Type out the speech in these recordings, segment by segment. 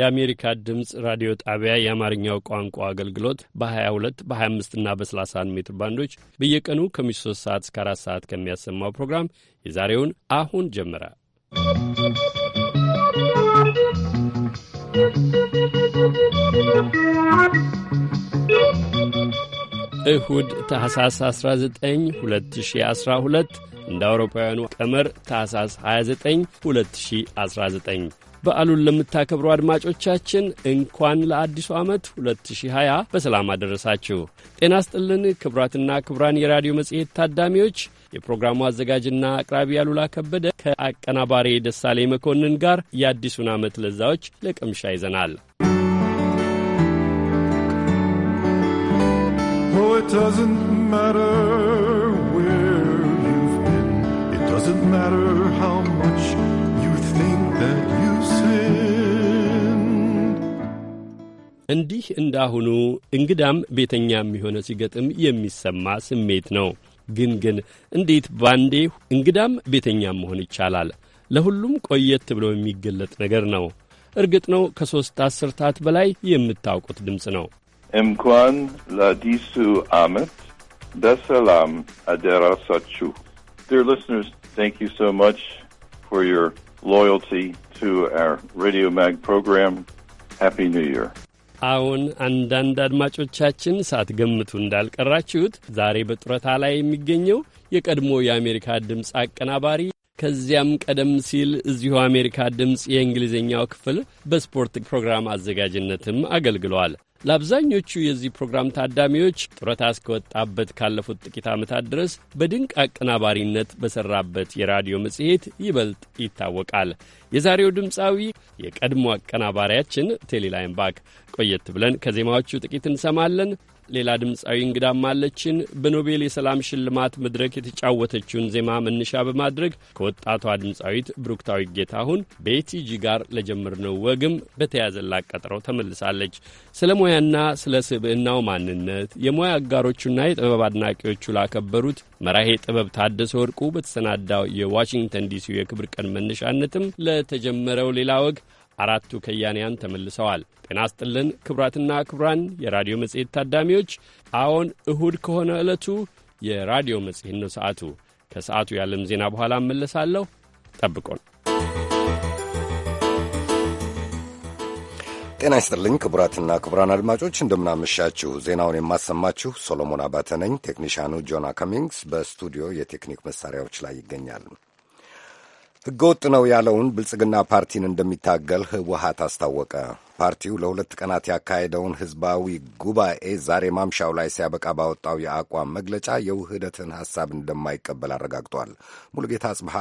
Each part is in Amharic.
የአሜሪካ ድምፅ ራዲዮ ጣቢያ የአማርኛው ቋንቋ አገልግሎት በ22 በ25 እና በ31 ሜትር ባንዶች በየቀኑ ከምሽቱ 3 ሰዓት እስከ 4 ሰዓት ከሚያሰማው ፕሮግራም የዛሬውን አሁን ጀመረ። እሁድ ታህሳስ 19 2012 እንደ አውሮፓውያኑ ቀመር ታህሳስ 29 2019 በዓሉን ለምታከብሩ አድማጮቻችን እንኳን ለአዲሱ ዓመት 2020 በሰላም አደረሳችሁ። ጤና ስጥልን ክቡራትና ክቡራን የራዲዮ መጽሔት ታዳሚዎች የፕሮግራሙ አዘጋጅና አቅራቢ ያሉላ ከበደ ከአቀናባሪ ደሳሌ መኮንን ጋር የአዲሱን ዓመት ለዛዎች ለቅምሻ ይዘናል። Oh, it doesn't matter where you've been. It doesn't matter how much you think that you እንዲህ እንዳሁኑ እንግዳም ቤተኛ የሚሆነ ሲገጥም የሚሰማ ስሜት ነው። ግን ግን እንዴት ባንዴ እንግዳም ቤተኛም መሆን ይቻላል? ለሁሉም ቆየት ብሎ የሚገለጥ ነገር ነው። እርግጥ ነው ከሦስት አስርታት በላይ የምታውቁት ድምፅ ነው። እንኳን ለአዲሱ ዓመት በሰላም አደረሳችሁ። Dear listeners, thank you so much for your loyalty to our Radio Mag program. Happy New Year. አሁን አንዳንድ አድማጮቻችን ሳትገምቱ እንዳልቀራችሁት ዛሬ በጡረታ ላይ የሚገኘው የቀድሞ የአሜሪካ ድምፅ አቀናባሪ ከዚያም ቀደም ሲል እዚሁ አሜሪካ ድምፅ የእንግሊዝኛው ክፍል በስፖርት ፕሮግራም አዘጋጅነትም አገልግሏል። ለአብዛኞቹ የዚህ ፕሮግራም ታዳሚዎች ጡረታ እስከወጣበት ካለፉት ጥቂት ዓመታት ድረስ በድንቅ አቀናባሪነት በሠራበት የራዲዮ መጽሔት ይበልጥ ይታወቃል። የዛሬው ድምፃዊ የቀድሞ አቀናባሪያችን ቴሌላይም ባክ። ቆየት ብለን ከዜማዎቹ ጥቂት እንሰማለን። ሌላ ድምፃዊ እንግዳም አለችን። በኖቤል የሰላም ሽልማት መድረክ የተጫወተችውን ዜማ መነሻ በማድረግ ከወጣቷ ድምፃዊት ብሩክታዊ ጌታሁን በኤቲጂ ጋር ለጀመርነው ወግም በተያዘላት ቀጠሮ ተመልሳለች። ስለ ሙያና ስለ ስብዕናው ማንነት የሙያ አጋሮቹና የጥበብ አድናቂዎቹ ላከበሩት መራሄ ጥበብ ታደሰ ወርቁ በተሰናዳው የዋሽንግተን ዲሲው የክብር ቀን መነሻነትም ለተጀመረው ሌላ ወግ አራቱ ከያንያን ተመልሰዋል። ጤና ስጥልን ክቡራትና ክቡራን የራዲዮ መጽሔት ታዳሚዎች፣ አዎን እሁድ ከሆነ ዕለቱ የራዲዮ መጽሔት ነው። ሰዓቱ ከሰዓቱ የዓለም ዜና በኋላ እመለሳለሁ። ጠብቆን ጤና ይስጥልኝ ክቡራትና ክቡራን አድማጮች እንደምናመሻችሁ። ዜናውን የማሰማችሁ ሶሎሞን አባተ ነኝ። ቴክኒሽያኑ ጆና ከሚንግስ በስቱዲዮ የቴክኒክ መሳሪያዎች ላይ ይገኛል። ሕገወጥ ነው ያለውን ብልጽግና ፓርቲን እንደሚታገል ህወሀት አስታወቀ። ፓርቲው ለሁለት ቀናት ያካሄደውን ህዝባዊ ጉባኤ ዛሬ ማምሻው ላይ ሲያበቃ ባወጣው የአቋም መግለጫ የውህደትን ሐሳብ እንደማይቀበል አረጋግጧል። ሙሉጌታ አጽብሃ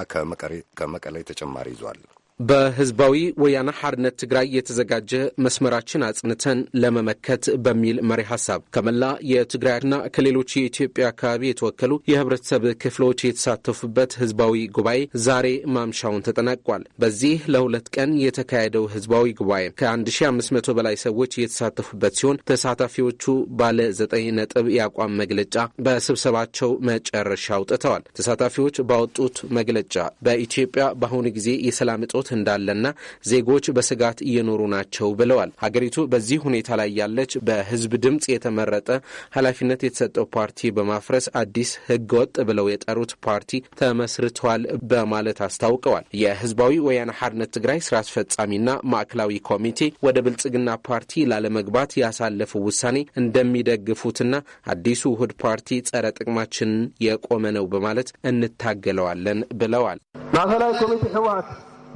ከመቀሌ ተጨማሪ ይዟል። በህዝባዊ ወያነ ሐርነት ትግራይ የተዘጋጀ መስመራችን አጽንተን ለመመከት በሚል መሪ ሀሳብ ከመላ የትግራይና ከሌሎች የኢትዮጵያ አካባቢ የተወከሉ የህብረተሰብ ክፍሎች የተሳተፉበት ህዝባዊ ጉባኤ ዛሬ ማምሻውን ተጠናቋል። በዚህ ለሁለት ቀን የተካሄደው ህዝባዊ ጉባኤ ከ1500 በላይ ሰዎች የተሳተፉበት ሲሆን ተሳታፊዎቹ ባለ ዘጠኝ ነጥብ የአቋም መግለጫ በስብሰባቸው መጨረሻ አውጥተዋል። ተሳታፊዎች ባወጡት መግለጫ በኢትዮጵያ በአሁኑ ጊዜ የሰላም እጦት እንዳለና ዜጎች በስጋት እየኖሩ ናቸው ብለዋል። ሀገሪቱ በዚህ ሁኔታ ላይ ያለች በህዝብ ድምፅ የተመረጠ ኃላፊነት የተሰጠው ፓርቲ በማፍረስ አዲስ ህገ ወጥ ብለው የጠሩት ፓርቲ ተመስርቷል በማለት አስታውቀዋል። የህዝባዊ ወያነ ሓርነት ትግራይ ስራ አስፈጻሚና ማዕከላዊ ኮሚቴ ወደ ብልጽግና ፓርቲ ላለመግባት ያሳለፈው ውሳኔ እንደሚደግፉትና አዲሱ ውህድ ፓርቲ ጸረ ጥቅማችንን የቆመ ነው በማለት እንታገለዋለን ብለዋል። ማዕከላዊ ኮሚቴ ህወሓት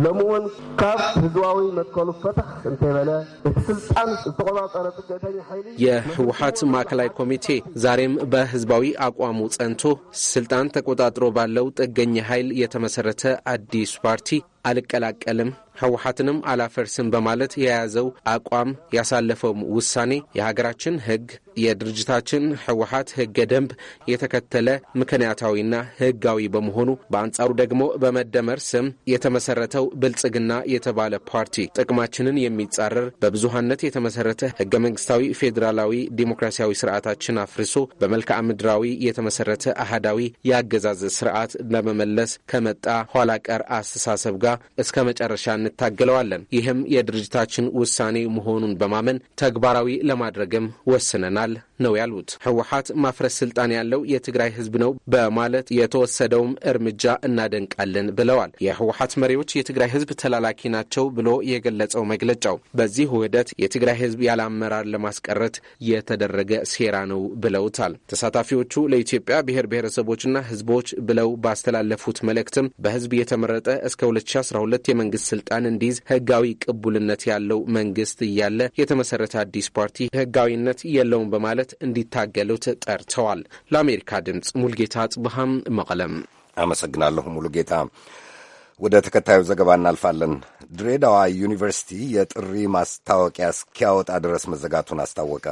ለመሆን ካብ ህዝባዊ መትከሉ ፈትሕ እንተይበለ እቲ ስልጣን ዝተቆፃፀረ ስደተኛ ሓይሊ የህወሓት ማእከላይ ኮሚቴ ዛሬም በህዝባዊ አቋሙ ጸንቶ ስልጣን ተቆጣጥሮ ባለው ጥገኝ ኃይል የተመሰረተ አዲስ ፓርቲ አልቀላቀልም ህወሓትንም አላፈርስም በማለት የያዘው አቋም ያሳለፈውም ውሳኔ የሀገራችን ህግ የድርጅታችን ህወሀት ህገ ደንብ የተከተለ ምክንያታዊና ህጋዊ በመሆኑ በአንጻሩ ደግሞ በመደመር ስም የተመሰረተው ብልጽግና የተባለ ፓርቲ ጥቅማችንን የሚጻረር በብዙሀነት የተመሰረተ ህገ መንግስታዊ ፌዴራላዊ ዲሞክራሲያዊ ስርዓታችን አፍርሶ በመልክዓ ምድራዊ የተመሰረተ አህዳዊ የአገዛዝ ስርዓት ለመመለስ ከመጣ ኋላ ቀር አስተሳሰብ ጋር እስከ መጨረሻ እንታገለዋለን። ይህም የድርጅታችን ውሳኔ መሆኑን በማመን ተግባራዊ ለማድረግም ወስነናል ነው ያሉት። ህወሀት ማፍረስ ስልጣን ያለው የትግራይ ህዝብ ነው በማለት የተወሰደውም እርምጃ እናደንቃለን ብለዋል። የህወሀት መሪዎች የትግራይ ህዝብ ተላላኪ ናቸው ብሎ የገለጸው መግለጫው በዚህ ውህደት የትግራይ ህዝብ ያለ አመራር ለማስቀረት የተደረገ ሴራ ነው ብለውታል። ተሳታፊዎቹ ለኢትዮጵያ ብሔር ብሔረሰቦችና ህዝቦች ብለው ባስተላለፉት መልእክትም በህዝብ የተመረጠ እስከ 2012 የመንግስት ስልጣን ስልጣን እንዲይዝ ህጋዊ ቅቡልነት ያለው መንግስት እያለ የተመሰረተ አዲስ ፓርቲ ህጋዊነት የለውም በማለት እንዲታገሉት ጠርተዋል። ለአሜሪካ ድምፅ ሙልጌታ አጽብሃም መቀለም። አመሰግናለሁ ሙሉጌታ። ወደ ተከታዩ ዘገባ እናልፋለን። ድሬዳዋ ዩኒቨርሲቲ የጥሪ ማስታወቂያ እስኪያወጣ ድረስ መዘጋቱን አስታወቀ።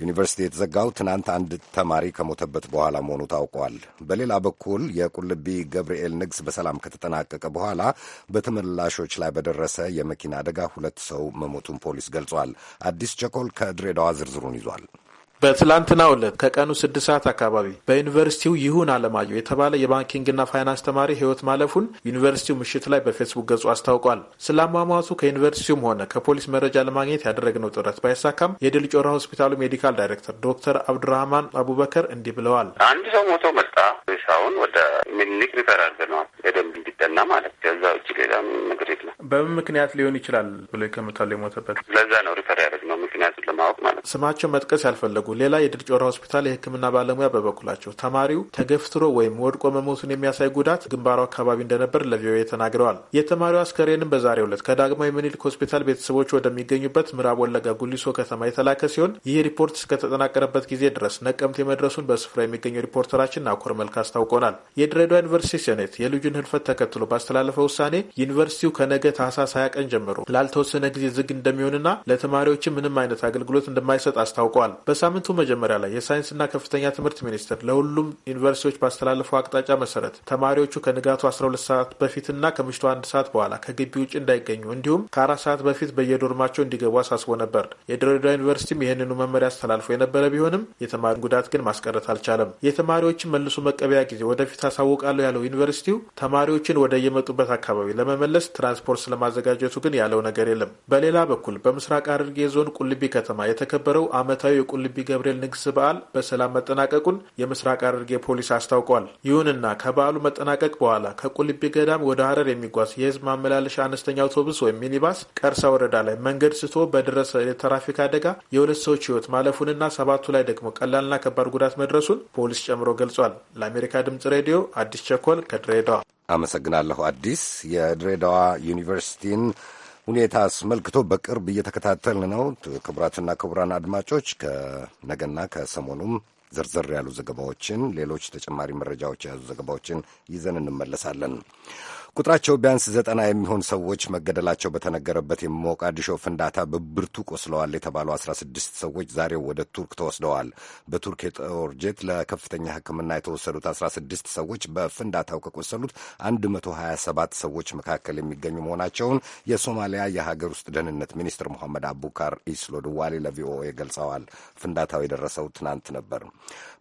ዩኒቨርሲቲ የተዘጋው ትናንት አንድ ተማሪ ከሞተበት በኋላ መሆኑ ታውቋል። በሌላ በኩል የቁልቢ ገብርኤል ንግስ በሰላም ከተጠናቀቀ በኋላ በተመላሾች ላይ በደረሰ የመኪና አደጋ ሁለት ሰው መሞቱን ፖሊስ ገልጿል። አዲስ ቸኮል ከድሬዳዋ ዝርዝሩን ይዟል። በትላንትናው ዕለት ከቀኑ ስድስት ሰዓት አካባቢ በዩኒቨርሲቲው ይሁን አለማየሁ የተባለ የባንኪንግና ፋይናንስ ተማሪ ህይወት ማለፉን ዩኒቨርሲቲው ምሽት ላይ በፌስቡክ ገጹ አስታውቋል። ስለ አሟሟቱ ከዩኒቨርሲቲውም ሆነ ከፖሊስ መረጃ ለማግኘት ያደረግነው ጥረት ባይሳካም የድል ጮራ ሆስፒታሉ ሜዲካል ዳይሬክተር ዶክተር አብዱራህማን አቡበከር እንዲህ ብለዋል። አንድ ሰው ሞቶ መጣ። ሳሁን ወደ ሚኒክ ሪፈራል ነው በደንብ እንዲጠና ማለት ከዛ ውጭ ሌላ ነገር የለም። በምን ምክንያት ሊሆን ይችላል ብሎ ይገምታሉ የሞተበት? ለዛ ነው ሪፈር ያደረግነው ምክንያቱን ለማወቅ ማለት ስማቸው መጥቀስ ያልፈለጉ አደረጉ። ሌላ የድል ጮራ ሆስፒታል የሕክምና ባለሙያ በበኩላቸው ተማሪው ተገፍትሮ ወይም ወድቆ መሞቱን የሚያሳይ ጉዳት ግንባሩ አካባቢ እንደነበር ለቪኦኤ ተናግረዋል። የተማሪው አስከሬንም በዛሬው ዕለት ከዳግማዊ ምኒልክ ሆስፒታል ቤተሰቦች ወደሚገኙበት ምዕራብ ወለጋ ጉሊሶ ከተማ የተላከ ሲሆን ይህ ሪፖርት እስከተጠናቀረበት ጊዜ ድረስ ነቀምቴ የመድረሱን በስፍራ የሚገኘው ሪፖርተራችን ናኮር መልክ አስታውቆናል። የድሬዳዋ ዩኒቨርሲቲ ሴኔት የልጁን ህልፈት ተከትሎ ባስተላለፈው ውሳኔ ዩኒቨርሲቲው ከነገ ታህሳስ ሀያ ቀን ጀምሮ ላልተወሰነ ጊዜ ዝግ እንደሚሆንና ለተማሪዎችም ምንም አይነት አገልግሎት እንደማይሰጥ አስታውቋል። በሳምንት በሳምንቱ መጀመሪያ ላይ የሳይንስና ከፍተኛ ትምህርት ሚኒስቴር ለሁሉም ዩኒቨርሲቲዎች ባስተላለፈው አቅጣጫ መሰረት ተማሪዎቹ ከንጋቱ 12 ሰዓት በፊትና ከምሽቱ አንድ ሰዓት በኋላ ከግቢ ውጭ እንዳይገኙ እንዲሁም ከአራት ሰዓት በፊት በየዶርማቸው እንዲገቡ አሳስቦ ነበር። የድሬዳዋ ዩኒቨርሲቲም ይህንኑ መመሪያ አስተላልፎ የነበረ ቢሆንም የተማሪን ጉዳት ግን ማስቀረት አልቻለም። የተማሪዎችን መልሶ መቀበያ ጊዜ ወደፊት አሳውቃለሁ ያለው ዩኒቨርሲቲው ተማሪዎችን ወደ የመጡበት አካባቢ ለመመለስ ትራንስፖርት ስለማዘጋጀቱ ግን ያለው ነገር የለም። በሌላ በኩል በምስራቅ ሐረርጌ ዞን ቁልቢ ከተማ የተከበረው ዓመታዊ የቁልቢ የገብርኤል ንግስ በዓል በሰላም መጠናቀቁን የምስራቅ ሐረርጌ ፖሊስ አስታውቋል። ይሁንና ከበዓሉ መጠናቀቅ በኋላ ከቁልቢ ገዳም ወደ ሐረር የሚጓዝ የህዝብ ማመላለሻ አነስተኛ አውቶቡስ ወይም ሚኒባስ ቀርሳ ወረዳ ላይ መንገድ ስቶ በደረሰ የትራፊክ አደጋ የሁለት ሰዎች ህይወት ማለፉንና ሰባቱ ላይ ደግሞ ቀላልና ከባድ ጉዳት መድረሱን ፖሊስ ጨምሮ ገልጿል። ለአሜሪካ ድምጽ ሬዲዮ አዲስ ቸኮል ከድሬዳዋ አመሰግናለሁ። አዲስ የድሬዳዋ ዩኒቨርሲቲን ሁኔታ አስመልክቶ በቅርብ እየተከታተልን ነው። ክቡራትና ክቡራን አድማጮች ከነገና ከሰሞኑም ዝርዝር ያሉ ዘገባዎችን፣ ሌሎች ተጨማሪ መረጃዎች የያዙ ዘገባዎችን ይዘን እንመለሳለን። ቁጥራቸው ቢያንስ ዘጠና የሚሆን ሰዎች መገደላቸው በተነገረበት የሞቃዲሾ ፍንዳታ በብርቱ ቆስለዋል የተባሉ ስድስት ሰዎች ዛሬው ወደ ቱርክ ተወስደዋል። በቱርክ የጦር ጄት ለከፍተኛ ሕክምና የተወሰዱት ስድስት ሰዎች በፍንዳታው ከቆሰሉት ሰባት ሰዎች መካከል የሚገኙ መሆናቸውን የሶማሊያ የሀገር ውስጥ ደህንነት ሚኒስትር መሐመድ አቡካር ኢስሎድዋሌ ለቪኦኤ ገልጸዋል። ፍንዳታው የደረሰው ትናንት ነበር።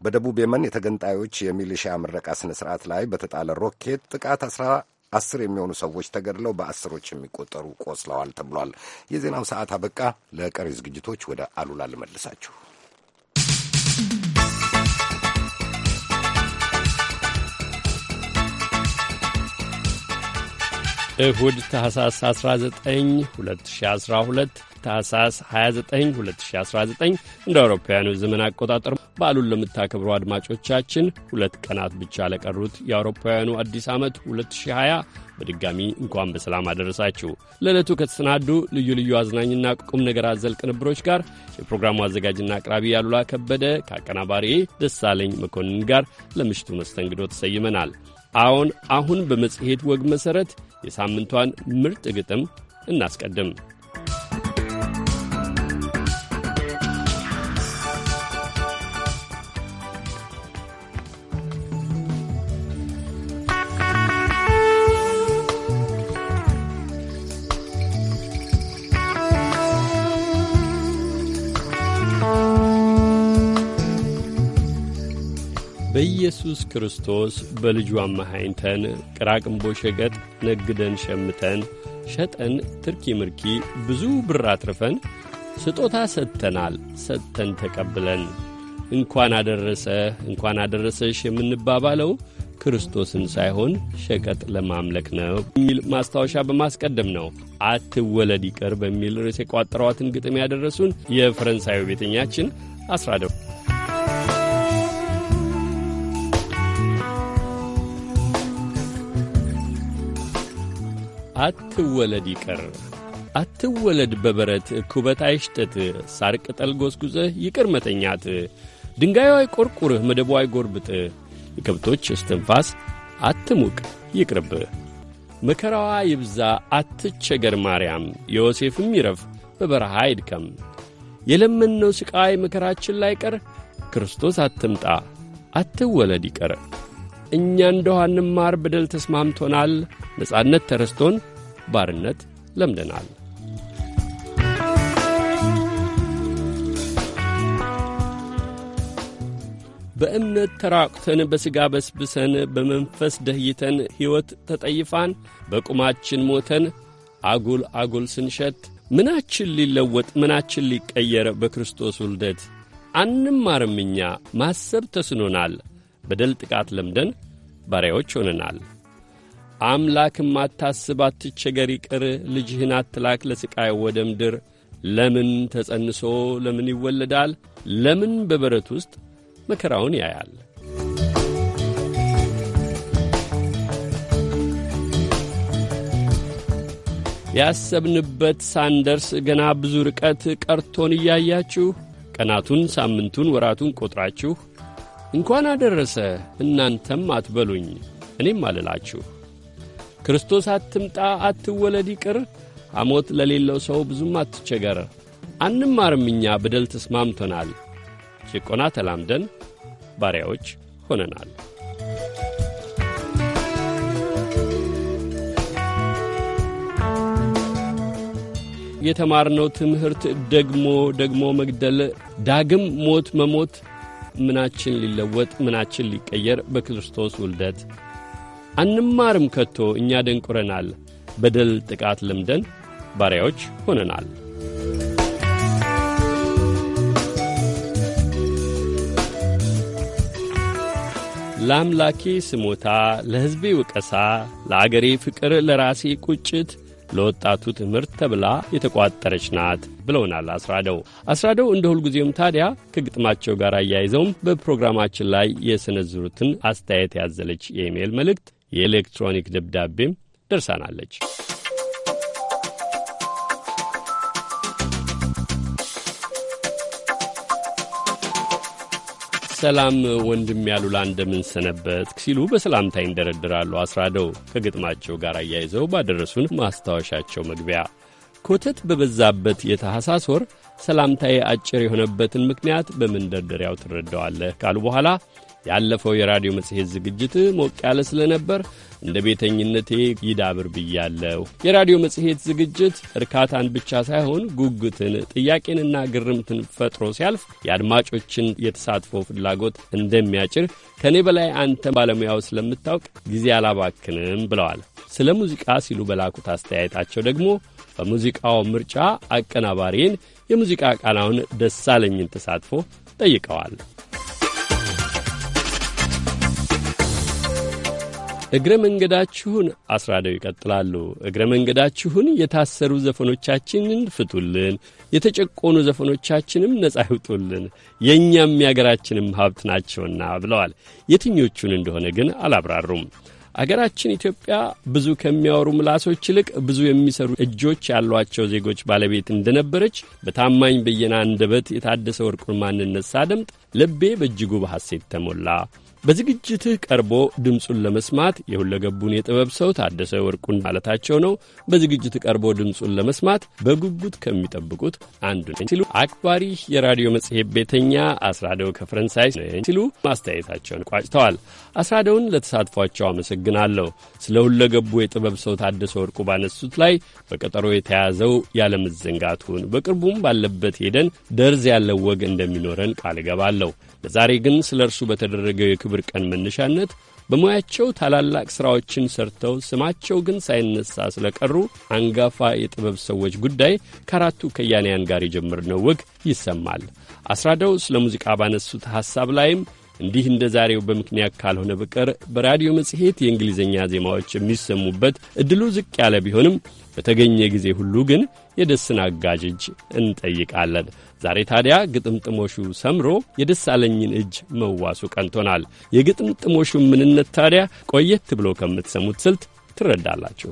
በደቡብ የመን የተገንጣዮች የሚሊሺያ ምረቃ ስነ ስርዓት ላይ በተጣለ ሮኬት ጥቃት አስር የሚሆኑ ሰዎች ተገድለው በአስሮች የሚቆጠሩ ቆስለዋል ተብሏል። የዜናው ሰዓት አበቃ። ለቀሪ ዝግጅቶች ወደ አሉላ ልመልሳችሁ። እሁድ ታህሳስ 19 2012 ታህሳስ 29 2019 እንደ አውሮፓውያኑ ዘመን አቆጣጠር በዓሉን ለምታከብሩ አድማጮቻችን ሁለት ቀናት ብቻ ለቀሩት የአውሮፓውያኑ አዲስ ዓመት 2020 በድጋሚ እንኳን በሰላም አደረሳችሁ። ለዕለቱ ከተሰናዱ ልዩ ልዩ አዝናኝና ቁም ነገር አዘል ቅንብሮች ጋር የፕሮግራሙ አዘጋጅና አቅራቢ ያሉላ ከበደ ከአቀናባሪ ደሳለኝ መኮንን ጋር ለምሽቱ መስተንግዶ ተሰይመናል። አዎን፣ አሁን በመጽሔት ወግ መሠረት የሳምንቷን ምርጥ ግጥም እናስቀድም። ክርስቶስ በልጁ አመሃኝተን ቅራቅንቦ ሸቀጥ ነግደን ሸምተን ሸጠን ትርኪ ምርኪ ብዙ ብር አትርፈን ስጦታ ሰጥተናል ሰጥተን ተቀብለን እንኳን አደረሰ እንኳን አደረሰሽ የምንባባለው ክርስቶስን ሳይሆን ሸቀጥ ለማምለክ ነው የሚል ማስታወሻ በማስቀደም ነው። አትወለድ ይቀር በሚል ርዕስ የቋጠሯትን ግጥም ያደረሱን የፈረንሳዩ ቤተኛችን አስራደው አትወለድ ይቅር አትወለድ በበረት ኩበት አይሽጠት ሳር ቅጠል ጎዝጉዘህ ይቅር መተኛት ድንጋዩ አይቆርቁርህ መደቡ አይጎርብጥህ የከብቶች እስትንፋስ አትሙቅ ይቅርብህ መከራዋ ይብዛ አትቸገር ማርያም ዮሴፍም ይረፍ በበረሃ አይድከም የለመንነው ሥቃይ መከራችን ላይ ቀር ክርስቶስ አትምጣ አትወለድ ይቀር እኛ እንደኋንም ማር በደል ተስማምቶናል። ነጻነት ተረስቶን ባርነት ለምደናል። በእምነት ተራቁተን በሥጋ በስብሰን በመንፈስ ደህይተን ሕይወት ተጠይፋን በቁማችን ሞተን አጉል አጉል ስንሸት ምናችን ሊለወጥ ምናችን ሊቀየር በክርስቶስ ውልደት አንማርምኛ ማሰብ ተስኖናል። በደል ጥቃት ለምደን ባሪያዎች ሆነናል። አምላክም አታስብ፣ አትቸገር፣ ይቅር ልጅህን አትላክ ለሥቃይ ወደ ምድር። ለምን ተጸንሶ ለምን ይወለዳል? ለምን በበረት ውስጥ መከራውን ያያል? ያሰብንበት ሳንደርስ ገና ብዙ ርቀት ቀርቶን እያያችሁ ቀናቱን፣ ሳምንቱን፣ ወራቱን ቆጥራችሁ እንኳን አደረሰ እናንተም አትበሉኝ እኔም አልላችሁ። ክርስቶስ አትምጣ አትወለድ ይቅር ሐሞት ለሌለው ሰው ብዙም አትቸገር። አንማርም እኛ በደል ተስማምቶናል፣ ጭቆና ተላምደን ባሪያዎች ሆነናል። የተማርነው ትምህርት ደግሞ ደግሞ መግደል፣ ዳግም ሞት መሞት ምናችን ሊለወጥ ምናችን ሊቀየር በክርስቶስ ውልደት አንማርም ከቶ እኛ ደንቁረናል፣ በደል ጥቃት ለምደን ባሪያዎች ሆነናል። ለአምላኬ ስሞታ፣ ለሕዝቤ ወቀሳ፣ ለአገሬ ፍቅር፣ ለራሴ ቁጭት ለወጣቱ ትምህርት ተብላ የተቋጠረች ናት ብለውናል አስራደው። አስራደው እንደ ሁልጊዜውም ታዲያ ከግጥማቸው ጋር አያይዘውም በፕሮግራማችን ላይ የሰነዝሩትን አስተያየት ያዘለች የኢሜይል መልእክት፣ የኤሌክትሮኒክ ደብዳቤም ደርሳናለች። ሰላም ወንድም ያሉላ እንደምንሰነበት ሲሉ በሰላምታ ይንደረድራሉ አስራደው ከግጥማቸው ጋር አያይዘው ባደረሱን ማስታወሻቸው መግቢያ ኮተት በበዛበት የታህሳስ ወር ሰላምታዬ አጭር የሆነበትን ምክንያት በመንደርደሪያው ትረዳዋለህ ካሉ በኋላ ያለፈው የራዲዮ መጽሔት ዝግጅት ሞቅ ያለ ስለነበር እንደ ቤተኝነቴ ይዳብር ብያለሁ። የራዲዮ መጽሔት ዝግጅት እርካታን ብቻ ሳይሆን ጉጉትን፣ ጥያቄንና ግርምትን ፈጥሮ ሲያልፍ የአድማጮችን የተሳትፎ ፍላጎት እንደሚያጭር ከእኔ በላይ አንተ ባለሙያው ስለምታውቅ ጊዜ አላባክንም ብለዋል። ስለ ሙዚቃ ሲሉ በላኩት አስተያየታቸው ደግሞ በሙዚቃው ምርጫ አቀናባሪን የሙዚቃ ቃናውን ደሳለኝን ተሳትፎ ጠይቀዋል። እግረ መንገዳችሁን አስራደው ይቀጥላሉ። እግረ መንገዳችሁን የታሰሩ ዘፈኖቻችንን ፍቱልን፣ የተጨቆኑ ዘፈኖቻችንም ነጻ ይውጡልን፣ የእኛም የአገራችንም ሀብት ናቸውና ብለዋል። የትኞቹን እንደሆነ ግን አላብራሩም። አገራችን ኢትዮጵያ ብዙ ከሚያወሩ ምላሶች ይልቅ ብዙ የሚሰሩ እጆች ያሏቸው ዜጎች ባለቤት እንደነበረች በታማኝ በየነ አንደበት የታደሰ ወርቁን ማንነት ሳደምጥ ልቤ በእጅጉ በሐሴት ተሞላ። በዝግጅትህ ቀርቦ ድምፁን ለመስማት የሁለገቡን የጥበብ ሰው ታደሰ ወርቁን ማለታቸው ነው። በዝግጅት ቀርቦ ድምፁን ለመስማት በጉጉት ከሚጠብቁት አንዱ ነኝ ሲሉ አክባሪ የራዲዮ መጽሔት ቤተኛ አስራደው ከፈረንሳይ ነኝ ሲሉ ማስተያየታቸውን ቋጭተዋል። አስራደውን ለተሳትፏቸው አመሰግናለሁ። ስለ ሁለገቡ የጥበብ ሰው ታደሰ ወርቁ ባነሱት ላይ በቀጠሮ የተያዘው ያለመዘንጋቱን በቅርቡም ባለበት ሄደን ደርዝ ያለው ወግ እንደሚኖረን ቃል እገባለሁ። ለዛሬ ግን ስለ እርሱ በተደረገው ክብር ቀን መነሻነት በሙያቸው ታላላቅ ሥራዎችን ሰርተው ስማቸው ግን ሳይነሳ ስለቀሩ አንጋፋ የጥበብ ሰዎች ጉዳይ ከአራቱ ከያንያን ጋር የጀመርነው ወግ ይሰማል። አስራደው ስለ ሙዚቃ ባነሱት ሐሳብ ላይም እንዲህ እንደ ዛሬው በምክንያት ካልሆነ በቀር በራዲዮ መጽሔት የእንግሊዝኛ ዜማዎች የሚሰሙበት እድሉ ዝቅ ያለ ቢሆንም በተገኘ ጊዜ ሁሉ ግን የደስን አጋዥ እጅ እንጠይቃለን። ዛሬ ታዲያ ግጥምጥሞሹ ሰምሮ የደሳለኝን እጅ መዋሱ ቀንቶናል። የግጥምጥሞሹ ምንነት ታዲያ ቆየት ብሎ ከምትሰሙት ስልት ትረዳላችሁ።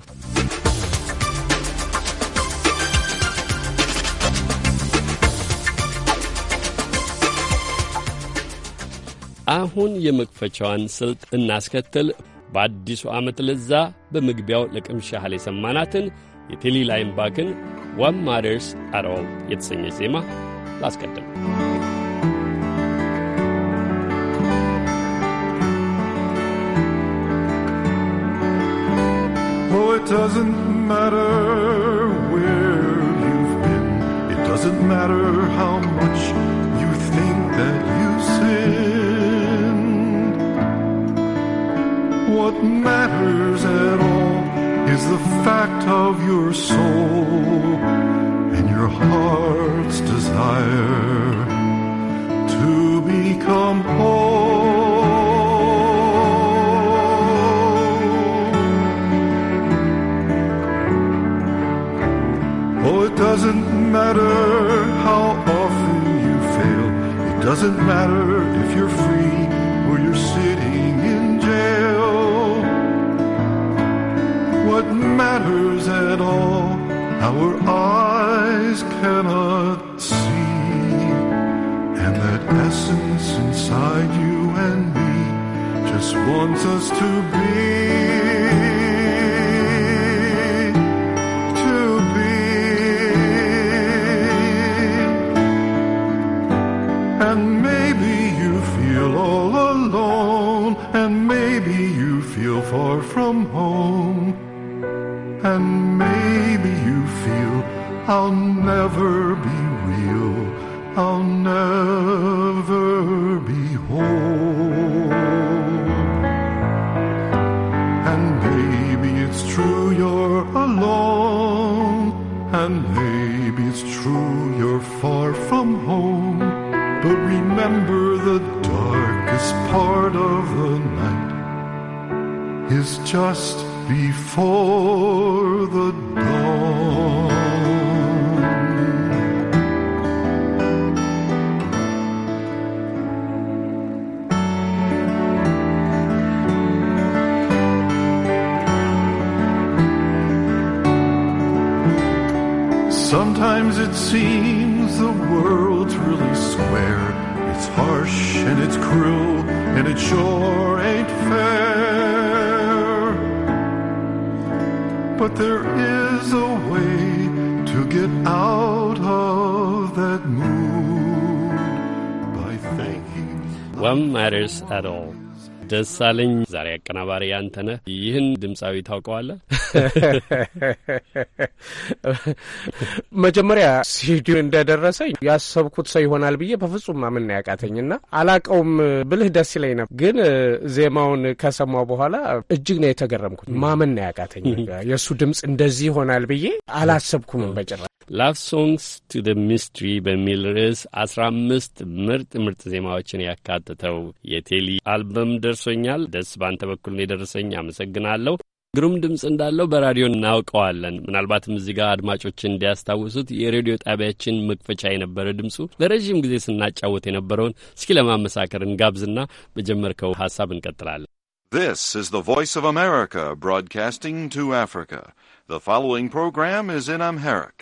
አሁን የመክፈቻዋን ስልት እናስከትል። በአዲሱ ዓመት ለዛ በመግቢያው ለቅምሻ ያህል የሰማናትን የቴሊ ላይምባክን ዋን ማደርስ አረው የተሰኘች ዜማ ላስቀድም። oh, it doesn't matter where you've been. It doesn't matter how much you think that what matters at all is the fact of your soul and your heart's desire to become whole. Oh, it doesn't matter how often you fail, it doesn't matter if you're free matters at all. Our eyes cannot see, and that essence inside you and me just wants us to be. And maybe you feel all alone, and maybe you feel far from home and maybe you feel I'll never be real, I'll never be whole. And maybe it's true you're alone, and maybe it's true you're far from home, but remember the darkest part of the night is just before the dawn. Sometimes it seems the world's really square. It's harsh and it's cruel and it sure ain't fair. But there is a way to get out of that mood by thanking. One matters at all. ደሳለኝ ዛሬ አቀናባሪ ያንተነህ ይህን ድምፃዊ ታውቀዋለህ? መጀመሪያ ሲዲ እንደደረሰኝ ያሰብኩት ሰው ይሆናል ብዬ በፍጹም ማመን ያቃተኝና አላቀውም ብልህ ደስ ይለኝ ነበር፣ ግን ዜማውን ከሰማው በኋላ እጅግ ነው የተገረምኩት። ማመን ያቃተኝ የእሱ ድምፅ እንደዚህ ይሆናል ብዬ አላሰብኩም በጭራ ላቭ ሶንግስ ቱ ደ ሚስትሪ በሚል ርዕስ አስራ አምስት ምርጥ ምርጥ ዜማዎችን ያካትተው የቴሊ አልበም ደርሶኛል። ደስ በአንተ በኩል ነው የደረሰኝ። አመሰግናለሁ። ግሩም ድምፅ እንዳለው በራዲዮ እናውቀዋለን። ምናልባትም እዚህ ጋር አድማጮችን እንዲያስታውሱት የሬዲዮ ጣቢያችን መክፈቻ የነበረ ድምፁ ለረዥም ጊዜ ስናጫወት የነበረውን እስኪ ለማመሳከር እንጋብዝና በጀመርከው ሀሳብ እንቀጥላለን። This is the voice of America broadcasting to Africa. The following program is in Amharic.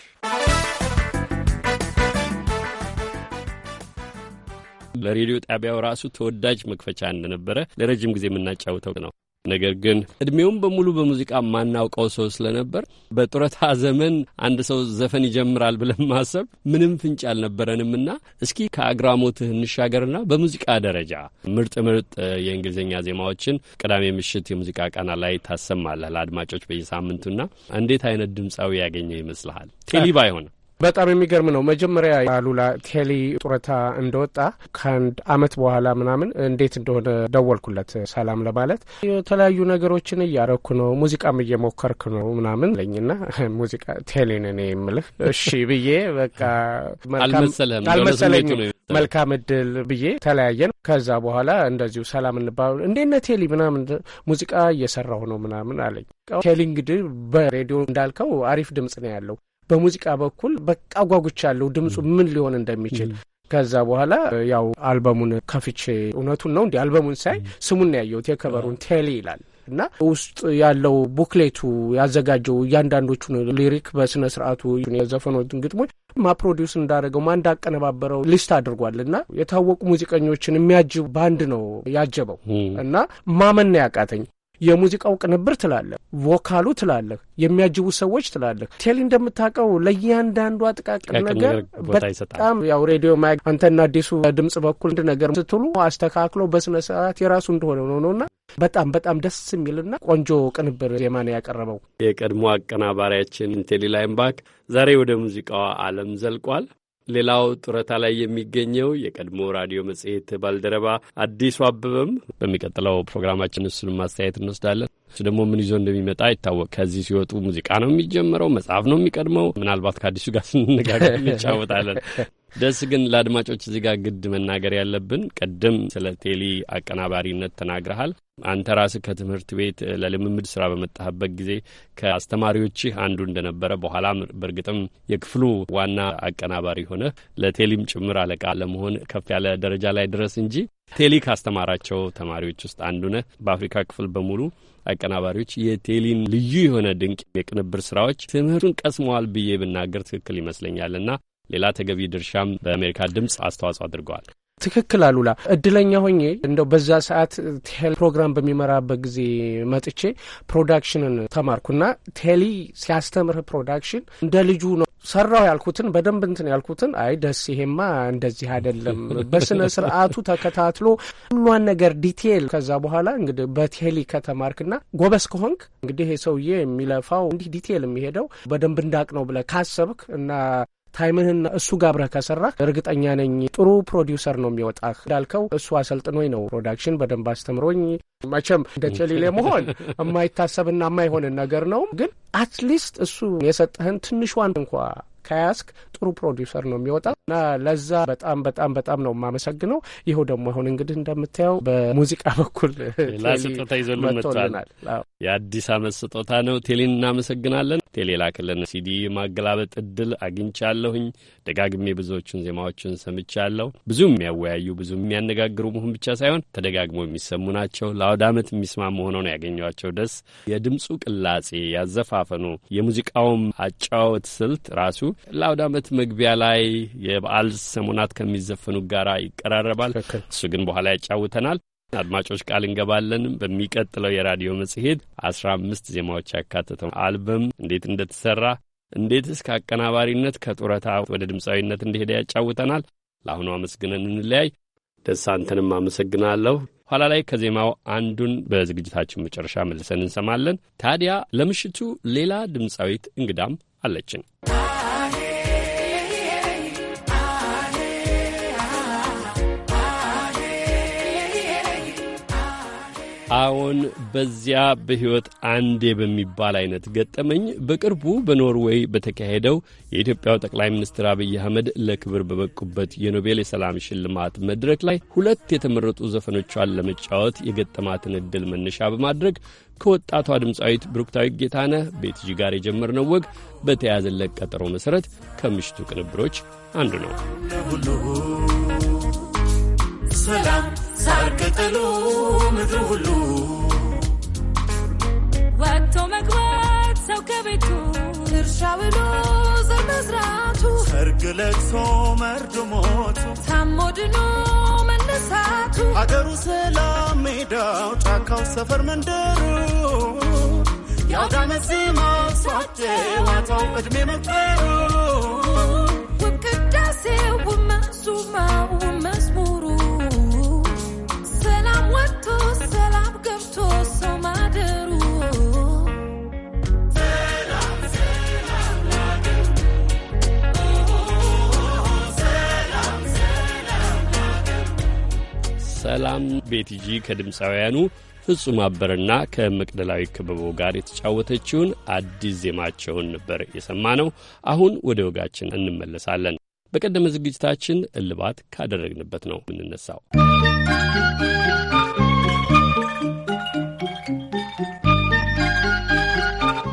ለሬዲዮ ጣቢያው ራሱ ተወዳጅ መክፈቻ እንደነበረ ለረጅም ጊዜ የምናጫውተው ነው። ነገር ግን እድሜውን በሙሉ በሙዚቃ የማናውቀው ሰው ስለነበር በጡረታ ዘመን አንድ ሰው ዘፈን ይጀምራል ብለን ማሰብ ምንም ፍንጭ አልነበረንም እና እስኪ ከአግራሞትህ እንሻገርና በሙዚቃ ደረጃ ምርጥ ምርጥ የእንግሊዝኛ ዜማዎችን ቅዳሜ ምሽት የሙዚቃ ቀና ላይ ታሰማለህ ለአድማጮች በየሳምንቱና እንዴት አይነት ድምፃዊ ያገኘው ይመስልሃል? ቴሊ ባይሆን በጣም የሚገርም ነው። መጀመሪያ አሉላ ቴሌ ጡረታ እንደወጣ ከአንድ አመት በኋላ ምናምን እንዴት እንደሆነ ደወልኩለት ሰላም ለማለት የተለያዩ ነገሮችን እያረኩ ነው፣ ሙዚቃም እየሞከርክ ነው ምናምን ለኝና ሙዚቃ ቴሊን እኔ የምልህ እሺ ብዬ በቃ አልመሰለኝም። መልካም እድል ብዬ ተለያየን። ከዛ በኋላ እንደዚሁ ሰላም እንባሉ እንዴነ ቴሊ ምናምን ሙዚቃ እየሰራሁ ነው ምናምን አለኝ። ቴሊ እንግዲህ በሬዲዮ እንዳልከው አሪፍ ድምጽ ነው ያለው በሙዚቃ በኩል በቃ ጓጉቻለሁ ድምፁ ምን ሊሆን እንደሚችል። ከዛ በኋላ ያው አልበሙን ከፍቼ እውነቱን ነው እንዲህ አልበሙን ሳይ ስሙን ያየሁት የከበሩን ቴሊ ይላል እና ውስጥ ያለው ቡክሌቱ ያዘጋጀው እያንዳንዶቹን ሊሪክ በስነ ስርአቱ የዘፈኖትን ግጥሞች ማ ፕሮዲውስ እንዳደረገው ማ እንዳቀነባበረው ሊስት አድርጓል እና የታወቁ ሙዚቀኞችን የሚያጅብ ባንድ ነው ያጀበው እና ማመን ያቃተኝ። የሙዚቃው ቅንብር ትላለህ፣ ቮካሉ ትላለህ፣ የሚያጅቡ ሰዎች ትላለህ። ቴሊ እንደምታውቀው ለእያንዳንዱ ጥቃቅን ነገር በጣም ያው ሬዲዮ ማያ አንተና አዲሱ ድምጽ በኩል አንድ ነገር ስትሉ አስተካክሎ በስነ ስርዓት የራሱ እንደሆነ ነው ነውና በጣም በጣም ደስ የሚልና ቆንጆ ቅንብር ዜማ ነው ያቀረበው። የቀድሞ አቀናባሪያችን ቴሊ ላይምባክ ዛሬ ወደ ሙዚቃዋ አለም ዘልቋል። ሌላው ጡረታ ላይ የሚገኘው የቀድሞ ራዲዮ መጽሔት ባልደረባ አዲሱ አበበም በሚቀጥለው ፕሮግራማችን እሱን ማስተያየት እንወስዳለን። እሱ ደግሞ ምን ይዞ እንደሚመጣ ይታወቅ። ከዚህ ሲወጡ ሙዚቃ ነው የሚጀምረው፣ መጽሐፍ ነው የሚቀድመው። ምናልባት ከአዲሱ ጋር ስንነጋገር እንጫወታለን። ደስ ግን ለአድማጮች እዚህ ጋር ግድ መናገር ያለብን ቅድም ስለ ቴሌ አቀናባሪነት ተናግረሃል። አንተ ራስህ ከትምህርት ቤት ለልምምድ ስራ በመጣህበት ጊዜ ከአስተማሪዎችህ አንዱ እንደነበረ በኋላም በእርግጥም የክፍሉ ዋና አቀናባሪ ሆነ ለቴሌም ጭምር አለቃ ለመሆን ከፍ ያለ ደረጃ ላይ ድረስ እንጂ ቴሌ ካስተማራቸው ተማሪዎች ውስጥ አንዱ ነህ። በአፍሪካ ክፍል በሙሉ አቀናባሪዎች የቴሌን ልዩ የሆነ ድንቅ የቅንብር ስራዎች ትምህርቱን ቀስመዋል ብዬ ብናገር ትክክል ይመስለኛልና ሌላ ተገቢ ድርሻም በአሜሪካ ድምፅ አስተዋጽኦ አድርገዋል። ትክክል አሉላ። እድለኛ ሆኜ እንደው በዛ ሰዓት ቴሌ ፕሮግራም በሚመራበት ጊዜ መጥቼ ፕሮዳክሽንን ተማርኩና ቴሊ ሲያስተምርህ ፕሮዳክሽን እንደ ልጁ ነው ሰራው ያልኩትን በደንብ እንትን ያልኩትን አይ ደስ ይሄማ እንደዚህ አይደለም፣ በስነ ስርዓቱ ተከታትሎ ሁሏን ነገር ዲቴይል። ከዛ በኋላ እንግዲህ በቴሊ ከተማርክና ጎበስ ከሆንክ እንግዲህ ሰውዬ የሚለፋው እንዲህ ዲቴይል የሚሄደው በደንብ እንዳቅ ነው ብለህ ካሰብክ እና ታይምህና እሱ ጋብረህ አብረህ ከሰራህ እርግጠኛ ነኝ ጥሩ ፕሮዲውሰር ነው የሚወጣህ። እንዳልከው እሱ አሰልጥኖኝ ነው ፕሮዳክሽን በደንብ አስተምሮኝ። መቼም እንደ ቸሊሌ መሆን የማይታሰብና የማይሆንን ነገር ነው፣ ግን አትሊስት እሱ የሰጠህን ትንሿን እንኳ ከያስክ ጥሩ ፕሮዲውሰር ነው የሚወጣ። እና ለዛ በጣም በጣም በጣም ነው የማመሰግነው። ይኸው ደግሞ አሁን እንግዲህ እንደምታየው በሙዚቃ በኩል ስጦታ ይዘሉን መጥቷል። የአዲስ አመት ስጦታ ነው። ቴሌን እናመሰግናለን። ቴሌ ላክልን ሲዲ ማገላበጥ እድል አግኝቻለሁኝ። ደጋግሜ ብዙዎቹን ዜማዎቹን ሰምቻለሁ። ብዙ የሚያወያዩ ብዙ የሚያነጋግሩ መሆን ብቻ ሳይሆን ተደጋግሞ የሚሰሙ ናቸው። ለአውደ ዓመት የሚስማሙ ሆነው ነው ያገኟቸው። ደስ የድምፁ ቅላጼ፣ ያዘፋፈኑ፣ የሙዚቃውም አጫወት ስልት ራሱ ለአውደ ዓመት መግቢያ ላይ የበዓል ሰሞናት ከሚዘፈኑ ጋር ይቀራረባል። እሱ ግን በኋላ ያጫውተናል። አድማጮች ቃል እንገባለን። በሚቀጥለው የራዲዮ መጽሔት አስራ አምስት ዜማዎች ያካተተው አልበም እንዴት እንደተሰራ እንዴትስ ከአቀናባሪነት ከጡረታ ወደ ድምፃዊነት እንደሄደ ያጫውተናል። ለአሁኑ አመስግነን እንለያይ። ደሳንተንም አመሰግናለሁ። ኋላ ላይ ከዜማው አንዱን በዝግጅታችን መጨረሻ መልሰን እንሰማለን። ታዲያ ለምሽቱ ሌላ ድምፃዊት እንግዳም አለችን። አዎን በዚያ በሕይወት አንዴ በሚባል አይነት ገጠመኝ በቅርቡ በኖርዌይ በተካሄደው የኢትዮጵያው ጠቅላይ ሚኒስትር አብይ አህመድ ለክብር በበቁበት የኖቤል የሰላም ሽልማት መድረክ ላይ ሁለት የተመረጡ ዘፈኖቿን ለመጫወት የገጠማትን ዕድል መነሻ በማድረግ ከወጣቷ ድምፃዊት ብሩክታዊት ጌታነህ ቤትጂ ጋር የጀመርነው ወግ በተያዘለት ቀጠሮ መሠረት ከምሽቱ ቅንብሮች አንዱ ነው። ሰላም ሳር ቅጠሉ ምድር ሁሉ ወጥቶ መግባት ሰው ከቤቱ እርሻ ብሎ ዘር መዝራቱ ሰርግ፣ ለቅሶ፣ መርዶ፣ ሞቱ መነሳቱ አገሩ ሰላም ሜዳው ጫካው ሰፈር መንደሩ ያዳመዚ ማሷቴ ዋታው ዕድሜ መቁጠሩ ውብ ቅዳሴ ውብ ሸሽቶ ሰው ማደሩ ሰላም ቤቲጂ ከድምፃውያኑ ፍጹም አበርና ከመቅደላዊ ክበቦ ጋር የተጫወተችውን አዲስ ዜማቸውን ነበር የሰማ ነው። አሁን ወደ ወጋችን እንመለሳለን። በቀደመ ዝግጅታችን እልባት ካደረግንበት ነው የምንነሳው።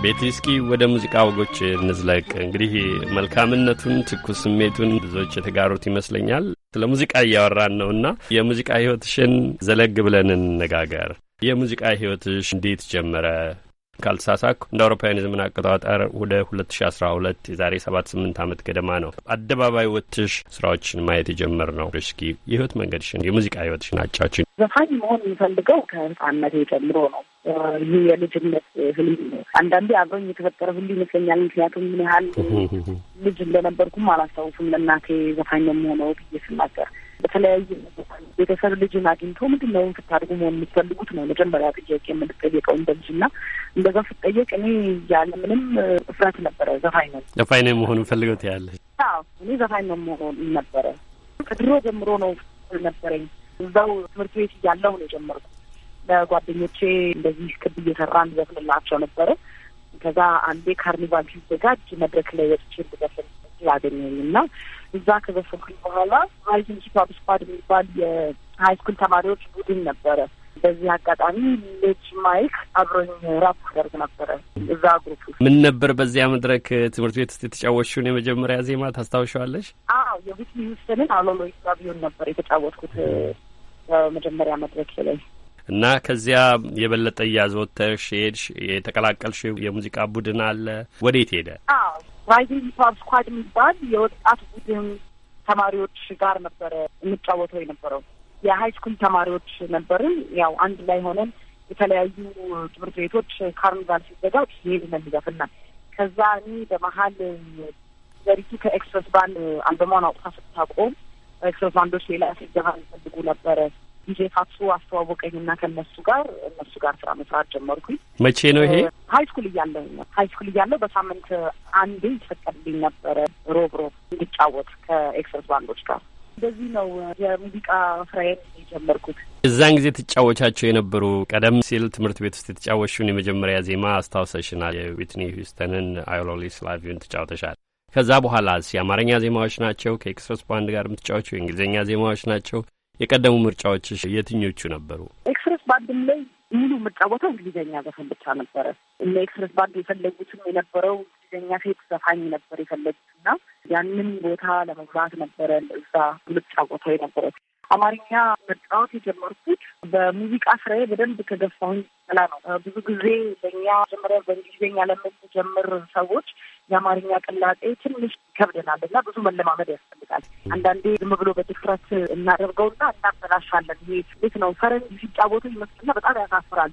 ቤት እስኪ ወደ ሙዚቃ ወጎች እንዝለቅ። እንግዲህ መልካምነቱን፣ ትኩስ ስሜቱን ብዙዎች የተጋሩት ይመስለኛል። ስለ ሙዚቃ እያወራን ነውና የሙዚቃ ህይወትሽን ዘለግ ብለን እንነጋገር። የሙዚቃ ህይወትሽ እንዴት ጀመረ? ካልተሳሳኩ እንደ አውሮፓውያን የዘመን አቆጣጠር ወደ ሁለት ሺ አስራ ሁለት የዛሬ ሰባት ስምንት ዓመት ገደማ ነው አደባባይ ወጥሽ ስራዎችን ማየት የጀመር ነው። እስኪ የህይወት መንገድሽን የሙዚቃ ህይወትሽን አጫችን። ዘፋኝ መሆን የምፈልገው ከህፃንነቴ ጀምሮ ነው። ይህ የልጅነት ህልም ነው። አንዳንዴ አብረኝ የተፈጠረ ሁሉ ይመስለኛል። ምክንያቱም ምን ያህል ልጅ እንደነበርኩም አላስታውስም። ለእናቴ ዘፋኝ ነው የምሆነው ብዬ ስናገር በተለያዩ ቤተሰብ ልጅን አግኝቶ ምንድን ነው ስታድጉ መሆን የሚፈልጉት ነው መጀመሪያ ጥያቄ የምንጠየቀው እንደ ልጅ እና እንደዛ ስጠየቅ እኔ ያለ ምንም እፍረት ነበረ ዘፋኝ ነው ዘፋኝ ነው መሆኑ ፈልገው ትያለሽ? እኔ ዘፋኝ ነው መሆኑን ነበረ ከድሮ ጀምሮ ነው ነበረኝ። እዛው ትምህርት ቤት እያለሁ ነው የጀመርኩት። ለጓደኞቼ እንደዚህ ክብ እየሰራ እንዘፍንላቸው ነበረ። ከዛ አንዴ ካርኒቫል ሲዘጋጅ መድረክ ላይ ወጥቼ እንድዘፍን ያገኘኝ እና እዛ ከበሰኩኝ በኋላ ራይዚንግ ሂፓፕ ስኳድ የሚባል የሀይ ስኩል ተማሪዎች ቡድን ነበረ። በዚህ አጋጣሚ ልጅ ማይክ አብሮኝ ራፕ ያደርግ ነበረ እዛ ግሩፕ ውስጥ። ምን ነበር በዚያ መድረክ ትምህርት ቤት ውስጥ የተጫወትሽውን የመጀመሪያ ዜማ ታስታውሸዋለሽ? አዎ የዊትኒ ሂውስተንን አሎሎ ቢሆን ነበር የተጫወትኩት መጀመሪያ መድረክ ላይ እና ከዚያ የበለጠ እያዘወተሽ ሄድሽ። የተቀላቀልሽ የሙዚቃ ቡድን አለ። ወዴት ሄደ? አዎ ራይዚንግ ሂፓፕ ስኳድ የሚባል የወጣት ቡድን ተማሪዎች ጋር ነበረ የምጫወተው የነበረው። የሀይ ስኩል ተማሪዎች ነበርን። ያው አንድ ላይ ሆነን የተለያዩ ትምህርት ቤቶች ካርኒቫል ሲዘጋጅ ይሄድ መልዘፍና ከዛ እኔ በመሀል ዘሪቱ ከኤክስፕረስ ባንድ አልበሟን አውጥታ ስታቆም ኤክስፕረስ ባንዶች ሌላ ሲዘፋ ይፈልጉ ነበረ ጊዜ ፋሱ አስተዋወቀኝና ከእነሱ ጋር እነሱ ጋር ስራ መስራት ጀመርኩኝ። መቼ ነው ይሄ? ሀይ ስኩል እያለሁ ነው። ሀይ ስኩል እያለሁ በሳምንት አንዴ ይፈቀድልኝ ነበረ ሮብ ሮብ እንድጫወት ከኤክሰስ ባንዶች ጋር። እንደዚህ ነው የሙዚቃ ስራዬን የጀመርኩት። እዛን ጊዜ ትጫወቻቸው የነበሩ ቀደም ሲል ትምህርት ቤት ውስጥ የተጫወሽውን የመጀመሪያ ዜማ አስታውሰሽናል። የዊትኒ ሂውስተንን አይሎሊስ ላቪን ትጫወተሻል። ከዛ በኋላ የአማርኛ ዜማዎች ናቸው ከኤክስፕረስ ባንድ ጋር የምትጫወቸው የእንግሊዝኛ ዜማዎች ናቸው የቀደሙ ምርጫዎች የትኞቹ ነበሩ? ኤክስፕሬስ ባንድም ላይ ሙሉ የምጫወተው እንግሊዝኛ ዘፈን ብቻ ነበረ። እነ ኤክስፕሬስ ባንድ የፈለጉትም የነበረው እንግሊዝኛ ሴት ዘፋኝ ነበር የፈለጉት እና ያንን ቦታ ለመግባት ነበረ እዛ የምጫወተው የነበረ። አማርኛ መጫወት የጀመርኩት በሙዚቃ ስራዬ በደንብ ከገፋሁኝ ላ ነው። ብዙ ጊዜ በእኛ መጀመሪያ በእንግሊዝኛ ለምን ጀምር ሰዎች የአማርኛ ቅላጤ ትንሽ ይከብደናል እና ብዙ መለማመድ ያስፈልጋል። አንዳንዴ ዝም ብሎ በድፍረት እናደርገውና እናበላሻለን። ይሄ እንዴት ነው ፈረንጅ ሲጫወቱ ይመስልና በጣም ያሳፍራል።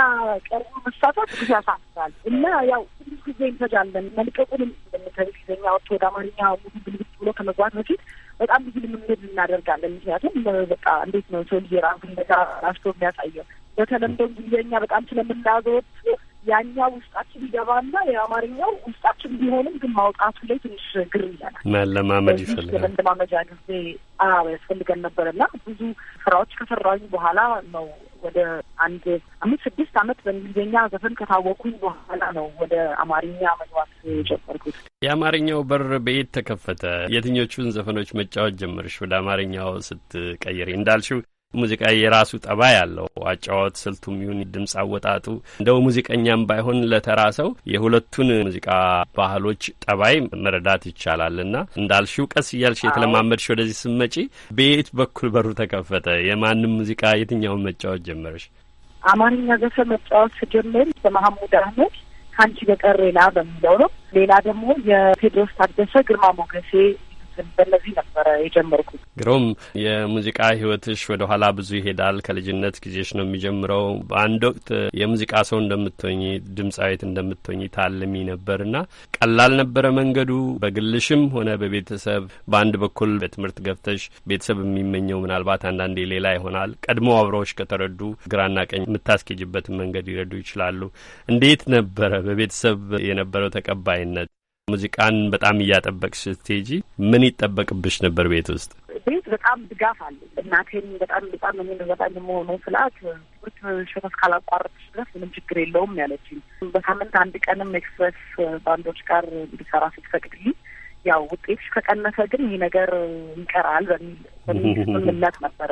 ያ ቀርቡ መሳተፍ ብዙ ያሳፍራል እና ያው ትንሽ ጊዜ እንፈጃለን። መልቀቁንም ከእንግሊዝኛ ወጥቶ ወደ አማርኛ ሙሉ ግልብት ብሎ ከመግባት በፊት በጣም ብዙ ልምምድ እናደርጋለን። ምክንያቱም በቃ እንዴት ነው ሰው ልጅ የራሱን ነገር አስቶ የሚያሳየው በተለምዶ እንግሊዝኛ በጣም ስለምናዘወት ያኛው ውስጣችን ይገባና የአማርኛው ውስጣችን ቢሆንም ግን ማውጣቱ ላይ ትንሽ ግር ይለናል። መለማመድ ይፈልጋል። ለመለማመጃ ጊዜ ያስፈልገን ነበርና ብዙ ስራዎች ከሰራኝ በኋላ ነው ወደ አንድ አምስት ስድስት ዓመት በእንግሊዝኛ ዘፈን ከታወኩኝ በኋላ ነው ወደ አማርኛ መግባት የጀመርኩት። የአማርኛው በር በየት ተከፈተ? የትኞቹን ዘፈኖች መጫወት ጀመርሽ? ወደ አማርኛው ስትቀይሪ እንዳልሽው ሙዚቃ የራሱ ጠባይ ያለው አጫዋወት ስልቱም ይሁን ድምፅ አወጣጡ እንደው ሙዚቀኛም ባይሆን ለተራ ሰው የሁለቱን ሙዚቃ ባህሎች ጠባይ መረዳት ይቻላል። እና እንዳልሽው ቀስ እያልሽ የተለማመድሽ ወደዚህ ስመጪ በየት በኩል በሩ ተከፈተ? የማንም ሙዚቃ የትኛውን መጫወት ጀመረሽ? አማርኛ ዘፈን መጫወት ስጀምር በመሐሙድ አህመድ ከአንቺ በቀር ሌላ በሚለው ነው። ሌላ ደግሞ የቴድሮስ ታደሰ፣ ግርማ ሞገሴ በእነዚህ ነበረ የጀመርኩት። ግሩም የሙዚቃ ህይወትሽ ወደ ኋላ ብዙ ይሄዳል። ከልጅነት ጊዜሽ ነው የሚጀምረው። በአንድ ወቅት የሙዚቃ ሰው እንደምትሆኝ ድምፃዊት እንደምትሆኝ ታልሚ ነበርና ቀላል ነበረ መንገዱ በግልሽም ሆነ በቤተሰብ በአንድ በኩል በትምህርት ገብተሽ ቤተሰብ የሚመኘው ምናልባት አንዳንዴ ሌላ ይሆናል። ቀድሞ አብረዎች ከተረዱ ግራና ቀኝ የምታስኬጅበትን መንገድ ሊረዱ ይችላሉ። እንዴት ነበረ በቤተሰብ የነበረው ተቀባይነት? ሙዚቃን በጣም እያጠበቅሽ ስትሄጂ ምን ይጠበቅብሽ ነበር ቤት ውስጥ? ቤት በጣም ድጋፍ አለ። እናቴን በጣም በጣም የሚንበጣ በጣም የመሆኑ ስላት ትምህርት ሸፈስ ካላቋረጥሽ ድረስ ምንም ችግር የለውም ያለችኝ። በሳምንት አንድ ቀንም ኤክስፕሬስ ባንዶች ጋር እንዲሰራ ስትፈቅድልኝ ያው ውጤትሽ ከቀነሰ ግን ይህ ነገር ይቀራል በሚል በሚል ስምምነት ነበረ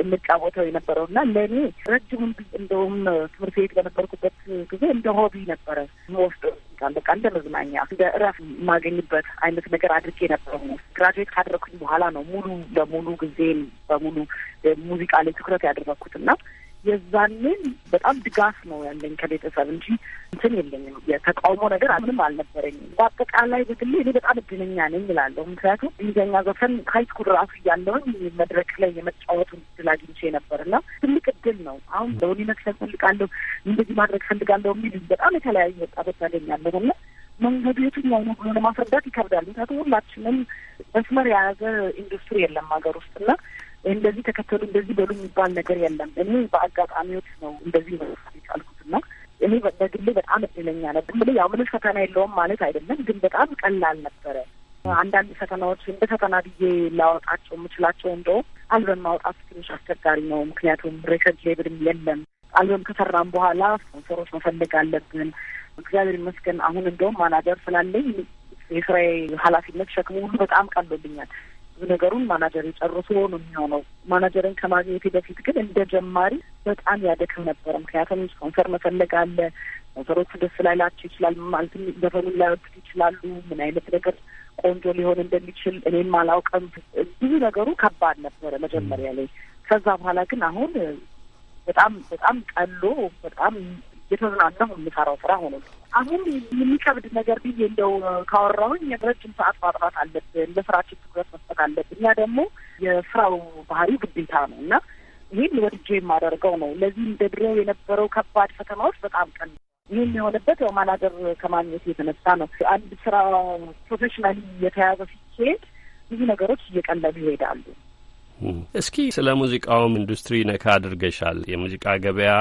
የምጫወተው የነበረው እና ለእኔ ረጅሙን እንደውም ትምህርት ቤት በነበርኩበት ጊዜ እንደ ሆቢ ነበረ ወስዶ ይመስላል። በቃ እንደ መዝናኛ እንደ እረፍ የማገኝበት አይነት ነገር አድርጌ ነበር። ግራጁዌት ካደረኩኝ በኋላ ነው ሙሉ ለሙሉ ጊዜን በሙሉ ሙዚቃ ላይ ትኩረት ያደረግኩት እና የዛንን በጣም ድጋፍ ነው ያለኝ ከቤተሰብ እንጂ እንትን የለኝም። የተቃውሞ ነገር ምንም አልነበረኝም። በአጠቃላይ በግሌ እኔ በጣም እድለኛ ነኝ እላለሁ። ምክንያቱም እንግሊዝኛ ዘፈን ሀይስኩል ራሱ እያለውን መድረክ ላይ የመጫወቱን እድል አግኝቼ ነበር እና ትልቅ እድል ነው። አሁን ለሆኔ መክሰል ፈልጋለሁ፣ እንደዚህ ማድረግ ፈልጋለሁ የሚል በጣም የተለያዩ ወጣቶች ያገኛለሁ እና መንገዱ የትኛው ነው ብሎ ለማስረዳት ይከብዳል። ምክንያቱም ሁላችንም መስመር የያዘ ኢንዱስትሪ የለም ሀገር ውስጥ እና እንደዚህ ተከተሉ እንደዚህ በሉ የሚባል ነገር የለም። እኔ በአጋጣሚዎች ነው እንደዚህ ነው የቻልኩት እና እኔ በግሌ በጣም እድለኛ ነበር። ብ ያው ምንም ፈተና የለውም ማለት አይደለም፣ ግን በጣም ቀላል ነበረ። አንዳንድ ፈተናዎች እንደ ፈተና ብዬ ላወጣቸው የምችላቸው እንደውም አልበም ማውጣት ትንሽ አስቸጋሪ ነው። ምክንያቱም ሬከርድ ሌብልም የለም። አልበም ከሰራም በኋላ ስፖንሰሮች መፈለግ አለብን። እግዚአብሔር ይመስገን አሁን እንደውም ማናጀር ስላለኝ የስራዬ ኃላፊነት ሸክሙ ሁሉ በጣም ቀሎልኛል። ነገሩን ማናጀር ጨርሶ ነው የሚሆነው። ማናጀርን ከማግኘቴ በፊት ግን እንደ ጀማሪ በጣም ያደክም ነበረ። ምክንያቱም ስፖንሰር መፈለግ አለ። ነገሮቹ ደስ ላይላቸው ይችላል። ማለት ዘፈኑን ላይወዱት ይችላሉ። ምን አይነት ነገር ቆንጆ ሊሆን እንደሚችል እኔም አላውቅም። ብዙ ነገሩ ከባድ ነበረ መጀመሪያ ላይ። ከዛ በኋላ ግን አሁን በጣም በጣም ቀሎ በጣም የተዝናናሁ የምሰራው ስራ ሆኖ አሁን የሚከብድ ነገር ብዬ እንደው ካወራሁኝ ረጅም ሰዓት ማጥራት አለብን ለስራችን ትኩረት መመልከት አለብን። ያ ደግሞ የስራው ባህሪ ግዴታ ነው እና ይህን ወድጄ የማደርገው ነው። ለዚህ እንደ ድሮው የነበረው ከባድ ፈተናዎች በጣም ቀን ይህም የሆነበት ያው ማናገር ከማግኘት የተነሳ ነው። አንድ ስራ ፕሮፌሽናል የተያዘ ሲሄድ ብዙ ነገሮች እየቀለሉ ይሄዳሉ። እስኪ ስለ ሙዚቃውም ኢንዱስትሪ ነካ አድርገሻል። የሙዚቃ ገበያ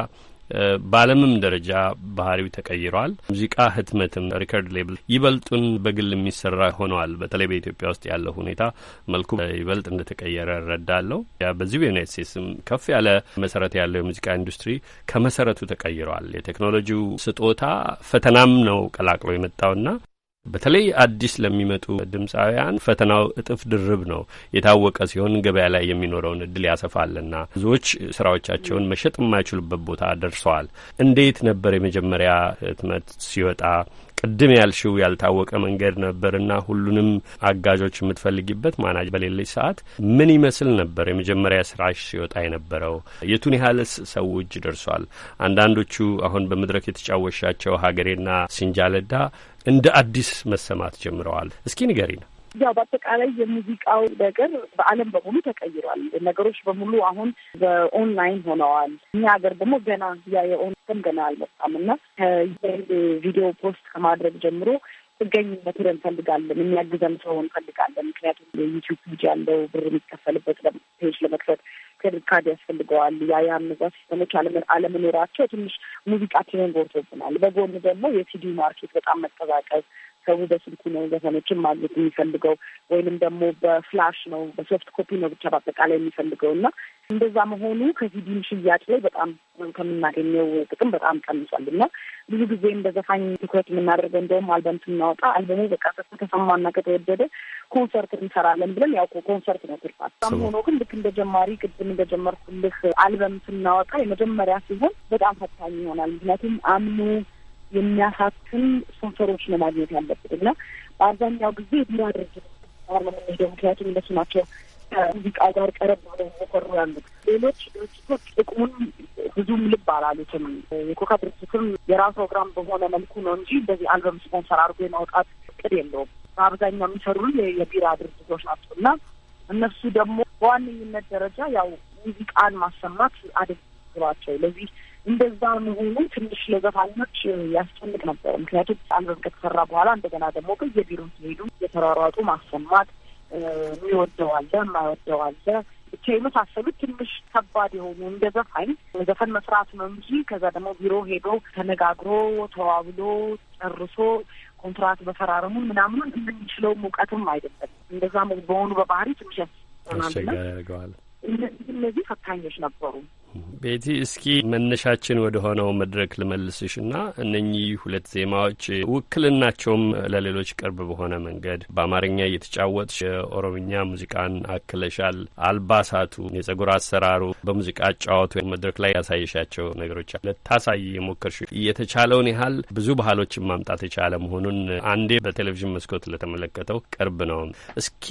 በዓለምም ደረጃ ባህሪው ተቀይሯል። ሙዚቃ ህትመትም ሪከርድ ሌብል ይበልጡን በግል የሚሰራ ሆነዋል። በተለይ በኢትዮጵያ ውስጥ ያለው ሁኔታ መልኩ ይበልጥ እንደተቀየረ እረዳለሁ። በዚሁ በዩናይት ስቴትስም ከፍ ያለ መሰረት ያለው የሙዚቃ ኢንዱስትሪ ከመሰረቱ ተቀይሯል። የቴክኖሎጂው ስጦታ ፈተናም ነው ቀላቅሎ የመጣውና በተለይ አዲስ ለሚመጡ ድምፃውያን ፈተናው እጥፍ ድርብ ነው። የታወቀ ሲሆን ገበያ ላይ የሚኖረውን እድል ያሰፋልና ብዙዎች ስራዎቻቸውን መሸጥ የማይችሉበት ቦታ ደርሰዋል። እንዴት ነበር የመጀመሪያ ህትመት ሲወጣ? ቅድም ያልሽው ያልታወቀ መንገድ ነበርና ሁሉንም አጋዦች የምትፈልጊበት ማናጅ በሌለች ሰዓት ምን ይመስል ነበር የመጀመሪያ ስራሽ ሲወጣ የነበረው? የቱን ያህልስ ሰው እጅ ደርሷል? አንዳንዶቹ አሁን በመድረክ የተጫወሻቸው ሀገሬና ሲንጃለዳ እንደ አዲስ መሰማት ጀምረዋል። እስኪ ንገሪ ነው ያው በአጠቃላይ የሙዚቃው ነገር በዓለም በሙሉ ተቀይሯል። ነገሮች በሙሉ አሁን በኦንላይን ሆነዋል። እኛ ሀገር ደግሞ ገና ያ የኦንላይን ገና አልመጣም እና ቪዲዮ ፖስት ከማድረግ ጀምሮ ጥገኝነት ሄደን እንፈልጋለን። የሚያግዘን ሰው እንፈልጋለን። ምክንያቱም የዩቲዩብ ልጅ ያለው ብር የሚከፈልበት ፔጅ ለመክፈት ካርድ ያስፈልገዋል። ያ የአመዛ ሲስተሞች አለመኖራቸው ትንሽ ሙዚቃችንን ጎርቶብናል። በጎን ደግሞ የሲዲ ማርኬት በጣም መቀዛቀዝ ሰው በስልኩ ነው ዘፈኖችን ማግኘት የሚፈልገው ወይንም ደግሞ በፍላሽ ነው በሶፍት ኮፒ ነው ብቻ በአጠቃላይ የሚፈልገው እና እንደዛ መሆኑ ከሲዲም ሽያጭ ላይ በጣም ከምናገኘው ጥቅም በጣም ቀንሷል እና ብዙ ጊዜም በዘፋኝ ትኩረት የምናደርገው እንደውም አልበም ስናወጣ አልበሙ በቃ ከተሰማና ከተወደደ ኮንሰርት እንሰራለን ብለን ያው ኮንሰርት ነው ትርፋት። ም ሆኖ ግን ልክ እንደ ጀማሪ ቅድም እንደጀመርኩልህ አልበም ስናወጣ የመጀመሪያ ሲሆን በጣም ፈታኝ ይሆናል። ምክንያቱም አምኑ የሚያሳክም ስፖንሰሮች ነው ማግኘት ያለብን እና በአብዛኛው ጊዜ እድሜያ ድርጅት ነው ምክንያቱም እነሱ ናቸው ከሙዚቃ ጋር ቀረብ ብለው እየሰሩ ያሉት። ሌሎች ድርጅቶች ጥቅሙን ብዙም ልብ አላሉትም። የኮካ ድርጅትም የራሱ ፕሮግራም በሆነ መልኩ ነው እንጂ እንደዚህ አልበም ስፖንሰር አድርጎ የማውጣት እቅድ የለውም። በአብዛኛው የሚሰሩ የቢራ ድርጅቶች ናቸው እና እነሱ ደግሞ በዋነኝነት ደረጃ ያው ሙዚቃን ማሰማት አደግ ብሏቸው ለዚህ እንደዛ መሆኑ ትንሽ ለዘፋኞች ያስጨንቅ ነበር። ምክንያቱም አልበም ከተሰራ በኋላ እንደገና ደግሞ በየቢሮ ሲሄዱ የተሯሯጡ ማሰማት የሚወደው አለ፣ የማይወደው አለ ብቻ የመሳሰሉት ትንሽ ከባድ የሆኑ እንደ ዘፋኝ ዘፈን መስራት ነው እንጂ ከዛ ደግሞ ቢሮ ሄዶ ተነጋግሮ ተዋብሎ ጨርሶ ኮንትራት በፈራረሙን ምናምኑን የምንችለውም እውቀትም አይደለም። እንደዛ በሆኑ በባህሪ ትንሽ ያስጨናል። እነዚህ ፈታኞች ነበሩ። ቤቲ፣ እስኪ መነሻችን ወደ ሆነው መድረክ ልመልስሽ ና እነኚህ ሁለት ዜማዎች ውክልናቸውም ለሌሎች ቅርብ በሆነ መንገድ በአማርኛ እየተጫወትሽ የኦሮምኛ ሙዚቃን አክለሻል። አልባሳቱ፣ የጸጉር አሰራሩ፣ በሙዚቃ አጫዋቱ መድረክ ላይ ያሳየሻቸው ነገሮች ልታሳይ የሞከርሽ እየተቻለውን ያህል ብዙ ባህሎችን ማምጣት የቻለ መሆኑን አንዴ በቴሌቪዥን መስኮት ለተመለከተው ቅርብ ነው። እስኪ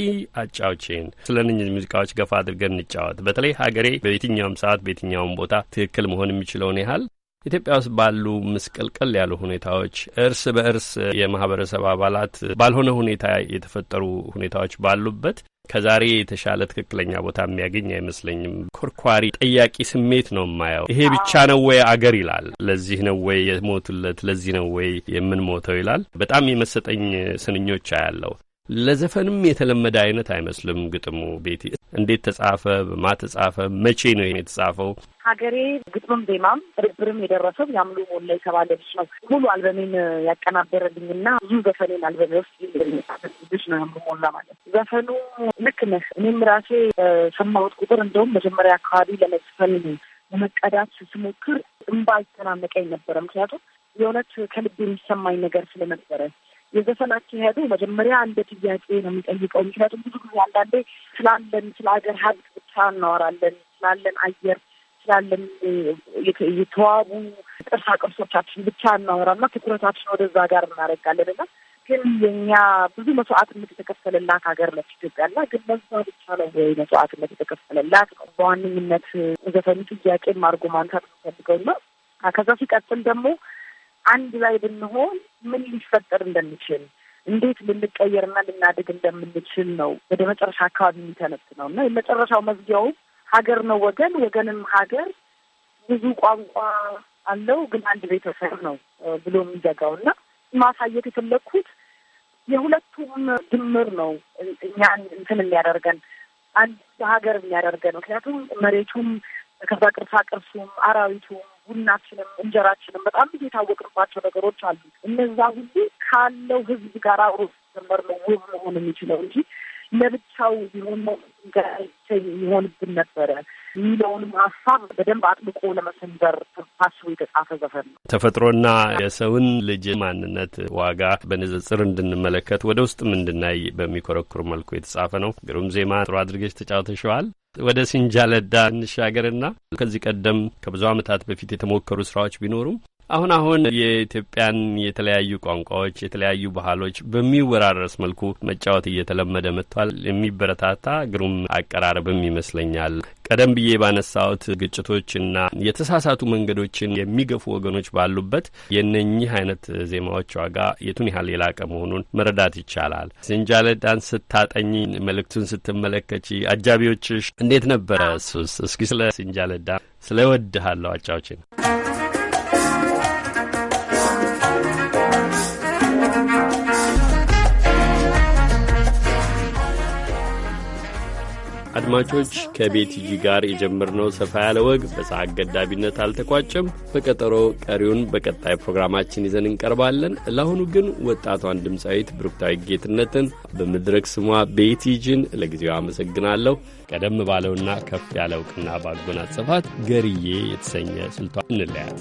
አጫውቼን ስለ እነኚህ ሙዚቃዎች ገፋ አድርገን እንጫወት። በተለይ ሀገሬ በየትኛውም ሰዓት በየትኛው የትኛውን ቦታ ትክክል መሆን የሚችለውን ያህል ኢትዮጵያ ውስጥ ባሉ ምስቅልቅል ያሉ ሁኔታዎች እርስ በእርስ የማህበረሰብ አባላት ባልሆነ ሁኔታ የተፈጠሩ ሁኔታዎች ባሉበት ከዛሬ የተሻለ ትክክለኛ ቦታ የሚያገኝ አይመስለኝም። ኮርኳሪ ጠያቂ ስሜት ነው የማየው። ይሄ ብቻ ነው ወይ አገር ይላል። ለዚህ ነው ወይ የሞቱለት? ለዚህ ነው ወይ የምንሞተው? ይላል። በጣም የመሰጠኝ ስንኞች አያለው። ለዘፈንም የተለመደ አይነት አይመስልም ግጥሙ። ቤቲ እንዴት ተጻፈ? በማ ተጻፈ? መቼ ነው የተጻፈው? ሀገሬ ግጥምም ዜማም ርብርም የደረሰው ያምሉ ሞላ የተባለ ልጅ ነው። ሙሉ አልበሜን ያቀናበረልኝና ብዙ ዘፈኔን አልበሜ ውስጥ ልጅ ነው ያምሉ ሞላ ማለት። ዘፈኑ ልክ ነህ። እኔም ራሴ ሰማሁት ቁጥር እንደውም መጀመሪያ አካባቢ ለመዝፈን ለመቀዳት ስሞክር እምባ ይተናነቀኝ ነበረ። ምክንያቱም የእውነት ከልብ የሚሰማኝ ነገር ስለነበረ የዘፈን አካሄዱ መጀመሪያ እንደ ጥያቄ ነው የሚጠይቀው። ምክንያቱም ብዙ ጊዜ አንዳንዴ ስላለን ስለ ሀገር ሀብት ብቻ እናወራለን፣ ስላለን አየር፣ ስላለን የተዋቡ ቅርሳ ቅርሶቻችን ብቻ እናወራና ትኩረታችን ወደዛ ጋር እናደርጋለን እና ግን የኛ ብዙ መስዋዕትነት የተከፈለላት ሀገር ነች ኢትዮጵያ እና ግን በዛ ብቻ ነው ወይ መስዋዕትነት የተከፈለላት? በዋነኝነት ዘፈኑ ጥያቄ አድርጎ ማንሳት ፈልገው እና ከዛ ሲቀጥል ደግሞ አንድ ላይ ብንሆን ምን ሊፈጠር እንደሚችል እንዴት ልንቀየርና ልናድግ እንደምንችል ነው ወደ መጨረሻ አካባቢ የሚተነት ነው እና የመጨረሻው መዝጊያው ሀገር ነው። ወገን ወገንም ሀገር ብዙ ቋንቋ አለው፣ ግን አንድ ቤተሰብ ነው ብሎ የሚዘጋው እና ማሳየት የፈለግኩት የሁለቱም ድምር ነው እኛን እንትን የሚያደርገን አንድ ሀገር የሚያደርገን ምክንያቱም መሬቱም ከዛ ቅርሳ ቅርሱም አራዊቱም ቡናችንም እንጀራችንም በጣም ብዙ የታወቅንባቸው ነገሮች አሉ። እነዛ ሁሉ ካለው ህዝብ ጋር አብሮ ጀመር ነው ውብ መሆን የሚችለው እንጂ ለብቻው ቢሆን ይሆንብን ነበረ የሚለውንም ሀሳብ በደንብ አጥብቆ ለመሰንበር ታስቦ የተጻፈ ዘፈን ነው። ተፈጥሮና የሰውን ልጅ ማንነት ዋጋ በንጽጽር እንድንመለከት ወደ ውስጥም እንድናይ በሚኮረኩር መልኩ የተጻፈ ነው። ግሩም ዜማ ጥሩ አድርገሽ ተጫውተሸዋል። ወደ ሲንጃለዳ እንሻገርና ከዚህ ቀደም ከብዙ ዓመታት በፊት የተሞከሩ ስራዎች ቢኖሩም አሁን አሁን የኢትዮጵያን የተለያዩ ቋንቋዎች የተለያዩ ባህሎች በሚወራረስ መልኩ መጫወት እየተለመደ መጥቷል። የሚበረታታ ግሩም አቀራረብም ይመስለኛል። ቀደም ብዬ ባነሳሁት ግጭቶችና የተሳሳቱ መንገዶችን የሚገፉ ወገኖች ባሉበት የነኚህ አይነት ዜማዎች ዋጋ የቱን ያህል የላቀ መሆኑን መረዳት ይቻላል። ስንጃለዳን ስታጠኝ መልእክቱን ስትመለከች አጃቢዎችሽ እንዴት ነበረ? ሱስ እስኪ ስለ ዝንጃለዳ ስለ ወድሃለሁ አጫዎችን አድማጮች ከቤትጂ ጋር የጀመርነው ሰፋ ያለ ወግ በሰዓት ገዳቢነት አልተቋጨም። በቀጠሮ ቀሪውን በቀጣይ ፕሮግራማችን ይዘን እንቀርባለን። ለአሁኑ ግን ወጣቷን ድምፃዊት ብሩክታዊ ጌትነትን በመድረክ ስሟ ቤቲጂን ለጊዜው አመሰግናለሁ። ቀደም ባለውና ከፍ ያለ እውቅና ባጎናጸፋት ገርዬ የተሰኘ ስልቷ እንለያለን።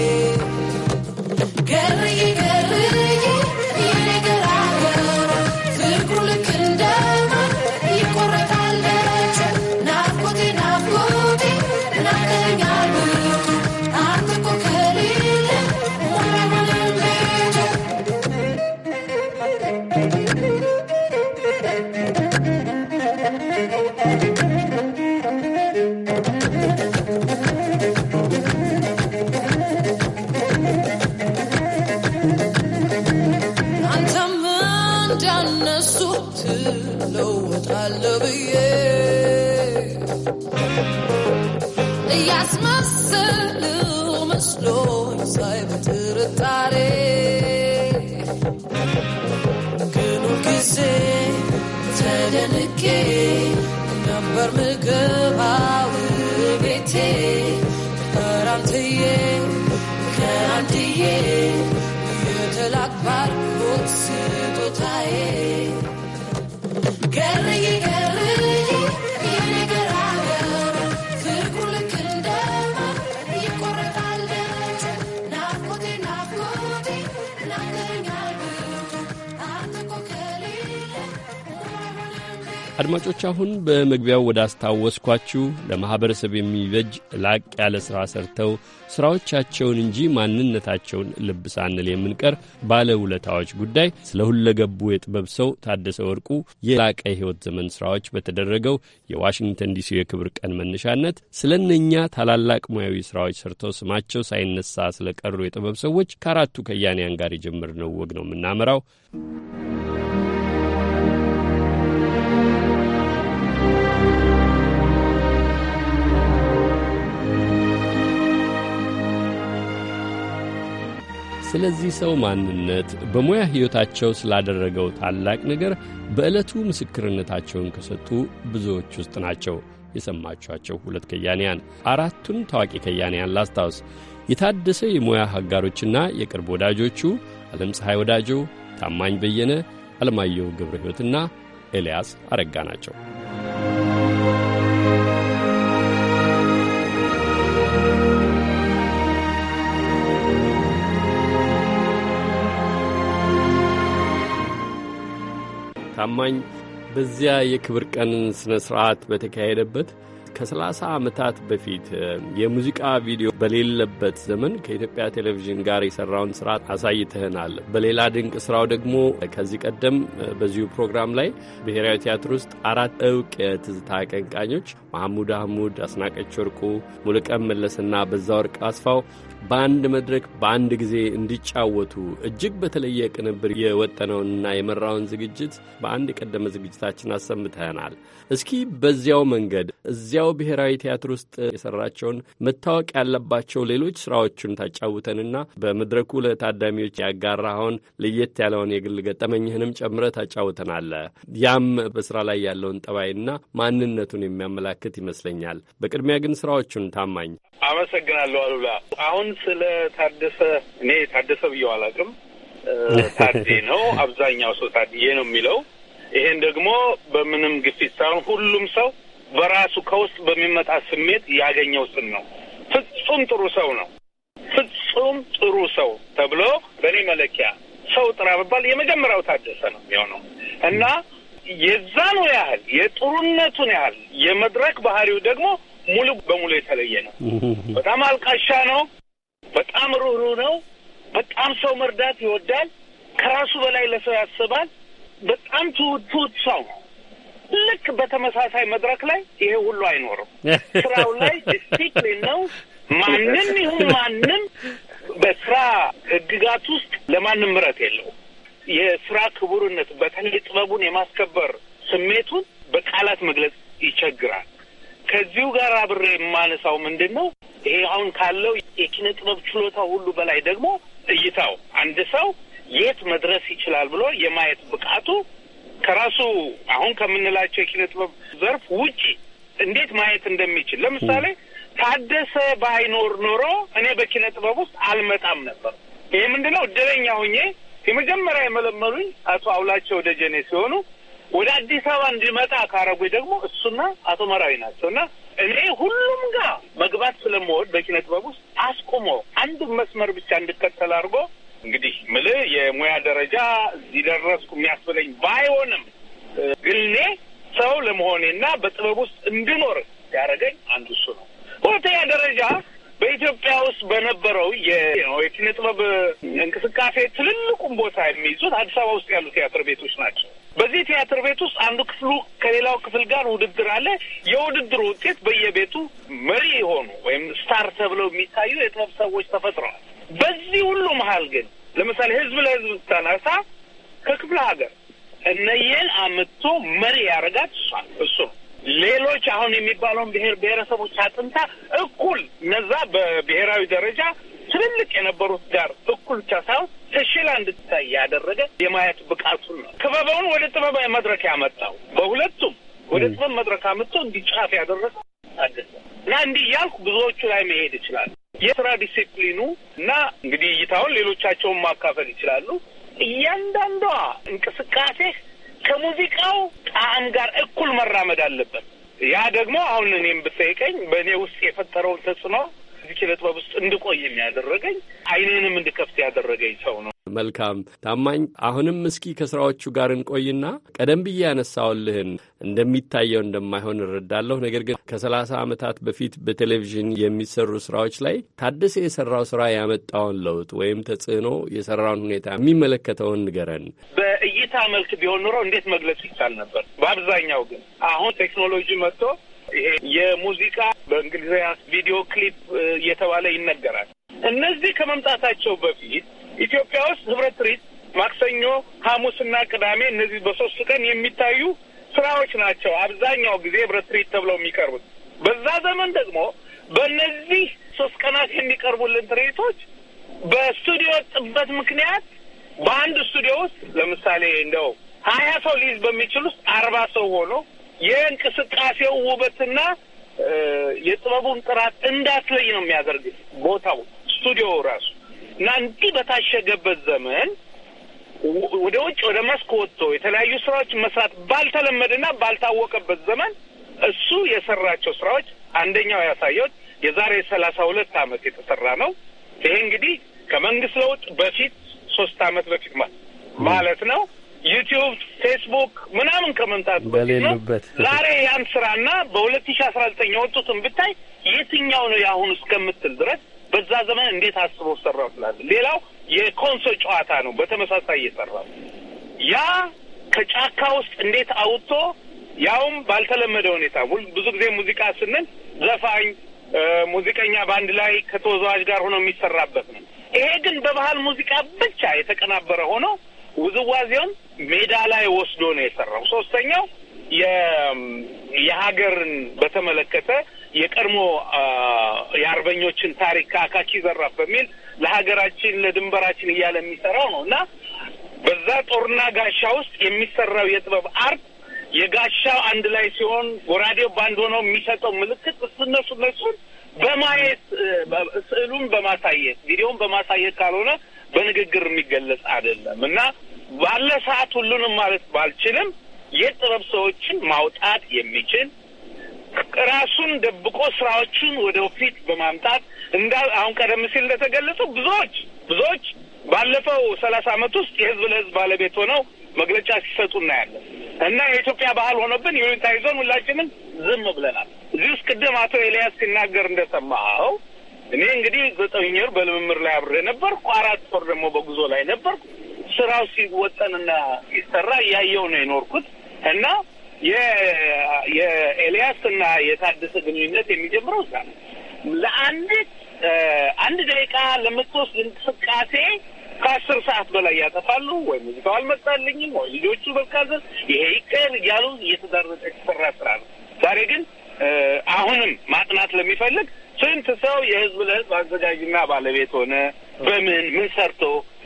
ዛሬ ግኑ ጊዜ ተደንቄ ነበር ምግባው ቤቴ ከራንትዬ ከአንድዬ የተላክ አድማጮች አሁን በመግቢያው ወዳስታወስኳችሁ ለማኅበረሰብ የሚበጅ ላቅ ያለ ሥራ ሰርተው ሥራዎቻቸውን እንጂ ማንነታቸውን ልብ ሳንል የምንቀር ባለውለታዎች ጉዳይ ስለ ሁለገቡ የጥበብ ሰው ታደሰ ወርቁ የላቀ የሕይወት ዘመን ሥራዎች በተደረገው የዋሽንግተን ዲሲ የክብር ቀን መነሻነት ስለ እነኛ ታላላቅ ሙያዊ ሥራዎች ሰርተው ስማቸው ሳይነሳ ስለ ቀሩ የጥበብ ሰዎች ከአራቱ ከያንያን ጋር የጀመርነው ወግ ነው የምናመራው። ስለዚህ ሰው ማንነት፣ በሙያ ሕይወታቸው ስላደረገው ታላቅ ነገር በዕለቱ ምስክርነታቸውን ከሰጡ ብዙዎች ውስጥ ናቸው የሰማችኋቸው ሁለት ከያንያን። አራቱን ታዋቂ ከያንያን ላስታውስ። የታደሰ የሙያ አጋሮችና የቅርብ ወዳጆቹ ዓለም ፀሐይ ወዳጆ፣ ታማኝ በየነ፣ አለማየሁ ገብረ ሕይወትና ኤልያስ አረጋ ናቸው። ታማኝ በዚያ የክብር ቀን ሥነ ሥርዓት በተካሄደበት ከ30 ዓመታት በፊት የሙዚቃ ቪዲዮ በሌለበት ዘመን ከኢትዮጵያ ቴሌቪዥን ጋር የሰራውን ስራ አሳይተህናል። በሌላ ድንቅ ስራው ደግሞ ከዚህ ቀደም በዚሁ ፕሮግራም ላይ ብሔራዊ ቲያትር ውስጥ አራት እውቅ የትዝታ አቀንቃኞች መሐሙድ አህሙድ፣ አስናቀች ወርቁ፣ ሙሉቀን መለስና ወርቅ አስፋው በአንድ መድረክ በአንድ ጊዜ እንዲጫወቱ እጅግ በተለየ ቅንብር የወጠነውንና የመራውን ዝግጅት በአንድ የቀደመ ዝግጅታችን አሰምተናል። እስኪ በዚያው መንገድ እዚያው ብሔራዊ ቲያትር ውስጥ የሰራቸውን መታወቅ ያለባቸው ሌሎች ስራዎቹን ታጫውተንና በመድረኩ ለታዳሚዎች ያጋራኸውን ለየት ያለውን የግል ገጠመኝህንም ጨምረ ታጫውተናለህ። ያም በስራ ላይ ያለውን ጠባይና ማንነቱን የሚያመላክት ይመስለኛል። በቅድሚያ ግን ስራዎቹን ታማኝ አመሰግናለሁ። አሉላ አሁን ስለ ታደሰ እኔ ታደሰ ብዬው አላውቅም። ታዴ ነው አብዛኛው ሰው ታዴ ነው የሚለው ይሄን ደግሞ በምንም ግፊት ሳይሆን ሁሉም ሰው በራሱ ከውስጥ በሚመጣ ስሜት ያገኘው ስም ነው። ፍጹም ጥሩ ሰው ነው። ፍጹም ጥሩ ሰው ተብሎ በእኔ መለኪያ ሰው ጥራ ብባል የመጀመሪያው ታደሰ ነው የሚሆነው እና የዛኑ ያህል የጥሩነቱን ያህል የመድረክ ባህሪው ደግሞ ሙሉ በሙሉ የተለየ ነው። በጣም አልቃሻ ነው። በጣም ሩህሩህ ነው። በጣም ሰው መርዳት ይወዳል። ከራሱ በላይ ለሰው ያስባል። በጣም ትውት ትውት ሰው ልክ በተመሳሳይ መድረክ ላይ ይሄ ሁሉ አይኖርም። ስራው ላይ ዲስፕሊን ነው። ማንም ይሁን ማንም በስራ ህግጋት ውስጥ ለማንም ምረት የለው። የስራ ክቡርነት በተለይ ጥበቡን የማስከበር ስሜቱን በቃላት መግለጽ ይቸግራል። ከዚሁ ጋር አብሬ የማነሳው ምንድን ነው ይሄ አሁን ካለው የኪነ ጥበብ ችሎታ ሁሉ በላይ ደግሞ እይታው አንድ ሰው የት መድረስ ይችላል ብሎ የማየት ብቃቱ ከራሱ አሁን ከምንላቸው የኪነ ጥበብ ዘርፍ ውጭ እንዴት ማየት እንደሚችል ለምሳሌ ታደሰ ባይኖር ኖሮ እኔ በኪነ ጥበብ ውስጥ አልመጣም ነበር። ይህ ምንድነው? እድለኛ ሁኜ የመጀመሪያ የመለመሉኝ አቶ አውላቸው ደጀኔ ሲሆኑ ወደ አዲስ አበባ እንዲመጣ ካረጉኝ ደግሞ እሱና አቶ መራዊ ናቸው እና እኔ ሁሉም ጋር መግባት ስለምወድ በኪነ ጥበብ ውስጥ አስቁሞ አንድ መስመር ብቻ እንድከተል አድርጎ እንግዲህ ምል የሙያ ደረጃ እዚህ ደረስኩ የሚያስብለኝ ባይሆንም ግኔ ሰው ለመሆኔና በጥበብ ውስጥ እንድኖር ያደረገኝ አንዱ እሱ ነው። በሁለተኛ ደረጃ በኢትዮጵያ ውስጥ በነበረው የኪነ ጥበብ እንቅስቃሴ ትልልቁን ቦታ የሚይዙት አዲስ አበባ ውስጥ ያሉ ቲያትር ቤቶች ናቸው። በዚህ ቲያትር ቤት ውስጥ አንዱ ክፍሉ ከሌላው ክፍል ጋር ውድድር አለ። የውድድሩ ውጤት በየቤቱ መሪ የሆኑ ወይም ስታር ተብለው የሚታዩ የጥበብ ሰዎች ተፈጥረዋል። በዚህ ሁሉ መሀል ግን ለምሳሌ ህዝብ ለህዝብ ስታነሳ ከክፍለ ሀገር እነየን አምጥቶ መሪ ያደረጋት እሱ ሌሎች አሁን የሚባለውን ብሔር ብሔረሰቦች አጥንታ እኩል እነዛ በብሔራዊ ደረጃ ትልልቅ የነበሩት ጋር እኩል ብቻ ሳይሆን ተሽላ እንድትታይ ያደረገ የማየት ብቃቱን ነው። ክበበውን ወደ ጥበባዊ መድረክ ያመጣው በሁለቱም ወደ ጥበብ መድረክ አምጥቶ እንዲጫፍ ያደረገ ታገሰ እና እንዲህ እያልኩ ብዙዎቹ ላይ መሄድ ይችላል። የስራ ዲሲፕሊኑ እና እንግዲህ እይታውን ሌሎቻቸውን ማካፈል ይችላሉ። እያንዳንዷ እንቅስቃሴ ከሙዚቃው ጣዕም ጋር እኩል መራመድ አለበት። ያ ደግሞ አሁን እኔም ብትጠይቀኝ በእኔ ውስጥ የፈጠረውን ተጽዕኖ በዚህ ኪነ ጥበብ ውስጥ እንድቆይም ያደረገኝ እንድከፍት ያደረገኝ ሰው ነው። መልካም ታማኝ፣ አሁንም እስኪ ከስራዎቹ ጋር እንቆይና ቀደም ብዬ ያነሳውልህን እንደሚታየው እንደማይሆን እረዳለሁ። ነገር ግን ከሰላሳ ዓመታት በፊት በቴሌቪዥን የሚሰሩ ስራዎች ላይ ታደሰ የሰራው ስራ ያመጣውን ለውጥ ወይም ተጽዕኖ፣ የሰራውን ሁኔታ የሚመለከተውን ንገረን። በእይታ መልክ ቢሆን ኖሮ እንዴት መግለጽ ይቻል ነበር። በአብዛኛው ግን አሁን ቴክኖሎጂ መጥቶ ይሄ የሙዚቃ በእንግሊዝኛ ቪዲዮ ክሊፕ እየተባለ ይነገራል። እነዚህ ከመምጣታቸው በፊት ኢትዮጵያ ውስጥ ህብረት ትርኢት ማክሰኞ፣ ሐሙስና ቅዳሜ እነዚህ በሶስት ቀን የሚታዩ ስራዎች ናቸው። አብዛኛው ጊዜ ህብረት ትርኢት ተብለው የሚቀርቡት በዛ ዘመን ደግሞ በእነዚህ ሶስት ቀናት የሚቀርቡልን ትርኢቶች በስቱዲዮ ጥበት ምክንያት በአንድ ስቱዲዮ ውስጥ ለምሳሌ እንደው ሀያ ሰው ሊይዝ በሚችል ውስጥ አርባ ሰው ሆኖ የእንቅስቃሴው ውበትና የጥበቡን ጥራት እንዳትለይ ነው የሚያደርግ ቦታው ስቱዲዮ ራሱ እና እንዲህ በታሸገበት ዘመን ወደ ውጭ ወደ መስክ ወጥቶ የተለያዩ ስራዎች መስራት ባልተለመደና ባልታወቀበት ዘመን እሱ የሰራቸው ስራዎች አንደኛው ያሳየት የዛሬ ሰላሳ ሁለት አመት የተሰራ ነው። ይሄ እንግዲህ ከመንግስት ለውጥ በፊት ሶስት አመት በፊት ማለት ነው። ዩቲዩብ፣ ፌስቡክ ምናምን ከመምጣት በሌሉበት ዛሬ ያን ስራና በሁለት ሺ አስራ ዘጠኝ የወጡትን ብታይ የትኛው ነው የአሁን እስከምትል ድረስ በዛ ዘመን እንዴት አስቦ ሰራ ስላለ ሌላው የኮንሶ ጨዋታ ነው። በተመሳሳይ እየሰራ ያ ከጫካ ውስጥ እንዴት አውጥቶ ያውም ባልተለመደ ሁኔታ ብዙ ጊዜ ሙዚቃ ስንል ዘፋኝ ሙዚቀኛ በአንድ ላይ ከተወዛዋዥ ጋር ሆኖ የሚሰራበት ነው። ይሄ ግን በባህል ሙዚቃ ብቻ የተቀናበረ ሆኖ ውዝዋዜውን ሜዳ ላይ ወስዶ ነው የሰራው። ሶስተኛው የሀገርን በተመለከተ የቀድሞ የአርበኞችን ታሪክ ከአካኪ ዘራፍ በሚል ለሀገራችን ለድንበራችን እያለ የሚሰራው ነው እና በዛ ጦርና ጋሻ ውስጥ የሚሰራው የጥበብ አርት የጋሻው አንድ ላይ ሲሆን ጎራዴው ባንድ ሆነው የሚሰጠው ምልክት እነሱ እነሱን በማየት ስዕሉን በማሳየት ቪዲዮን በማሳየት ካልሆነ በንግግር የሚገለጽ አይደለም እና ባለ ሰዓት ሁሉንም ማለት ባልችልም የጥበብ ሰዎችን ማውጣት የሚችል ራሱን ደብቆ ስራዎችን ወደ ፊት በማምጣት እንዳ አሁን ቀደም ሲል እንደተገለጹ ብዙዎች ብዙዎች ባለፈው ሰላሳ አመት ውስጥ የህዝብ ለህዝብ ባለቤት ሆነው መግለጫ ሲሰጡ እናያለን እና የኢትዮጵያ ባህል ሆኖብን ዩኒታይዞን ሁላችንም ዝም ብለናል። እዚህ ውስጥ ቅድም አቶ ኤልያስ ሲናገር እንደሰማኸው እኔ እንግዲህ ዘጠኝ ወር በልምምር ላይ አብሬ ነበርኩ። አራት ወር ደግሞ በጉዞ ላይ ነበርኩ። ስራው ሲወጠንና ሲሰራ እያየው ነው የኖርኩት እና የኤልያስ እና የታደሰ ግንኙነት የሚጀምረው እዛ ነው። ለአንዲት አንድ ደቂቃ ለምትወስድ እንቅስቃሴ ከአስር ሰዓት በላይ ያጠፋሉ። ወይ ሙዚቃው አልመጣልኝም፣ ወይ ልጆቹ በቃዘ ይሄ ይቀር እያሉ እየተዳረጠ የተሰራ ስራ ነው። ዛሬ ግን አሁንም ማጥናት ለሚፈልግ ስንት ሰው የህዝብ ለህዝብ አዘጋጅና ባለቤት ሆነ? በምን ምን ሰርቶ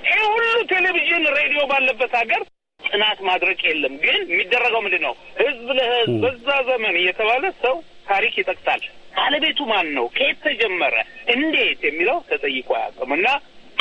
ይህ ሁሉ ቴሌቪዥን፣ ሬዲዮ ባለበት ሀገር ጥናት ማድረግ የለም። ግን የሚደረገው ምንድን ነው? ህዝብ ለህዝብ በዛ ዘመን እየተባለ ሰው ታሪክ ይጠቅሳል። ባለቤቱ ማን ነው? ከየት ተጀመረ? እንዴት የሚለው ተጠይቆ አያውቅም። እና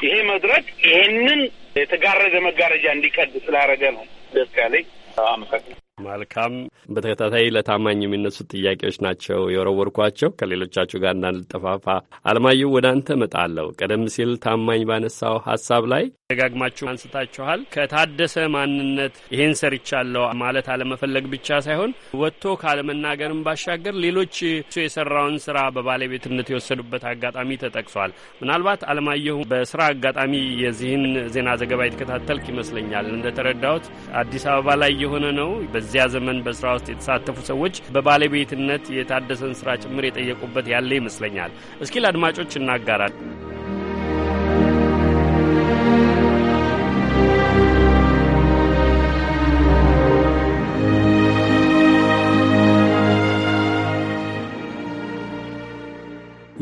ይሄ መድረክ ይሄንን የተጋረደ መጋረጃ እንዲቀድ ስላደረገ ነው ደስ ያለኝ። አመሰግናለሁ። መልካም። በተከታታይ ለታማኝ የሚነሱ ጥያቄዎች ናቸው የወረወርኳቸው። ከሌሎቻችሁ ጋር እንዳንጠፋፋ አለማየሁ ወደ አንተ መጣለሁ ቀደም ሲል ታማኝ ባነሳው ሀሳብ ላይ ደጋግማችሁ አንስታችኋል። ከታደሰ ማንነት ይሄን ሰርቻለሁ ማለት አለመፈለግ ብቻ ሳይሆን ወጥቶ ካለመናገርም ባሻገር ሌሎች እሱ የሰራውን ስራ በባለቤትነት የወሰዱበት አጋጣሚ ተጠቅሷል። ምናልባት አለማየሁ በስራ አጋጣሚ የዚህን ዜና ዘገባ የተከታተልክ ይመስለኛል። እንደተረዳሁት አዲስ አበባ ላይ የሆነ ነው። በዚያ ዘመን በስራ ውስጥ የተሳተፉ ሰዎች በባለቤትነት የታደሰን ስራ ጭምር የጠየቁበት ያለ ይመስለኛል። እስኪ ለአድማጮች እናጋራል።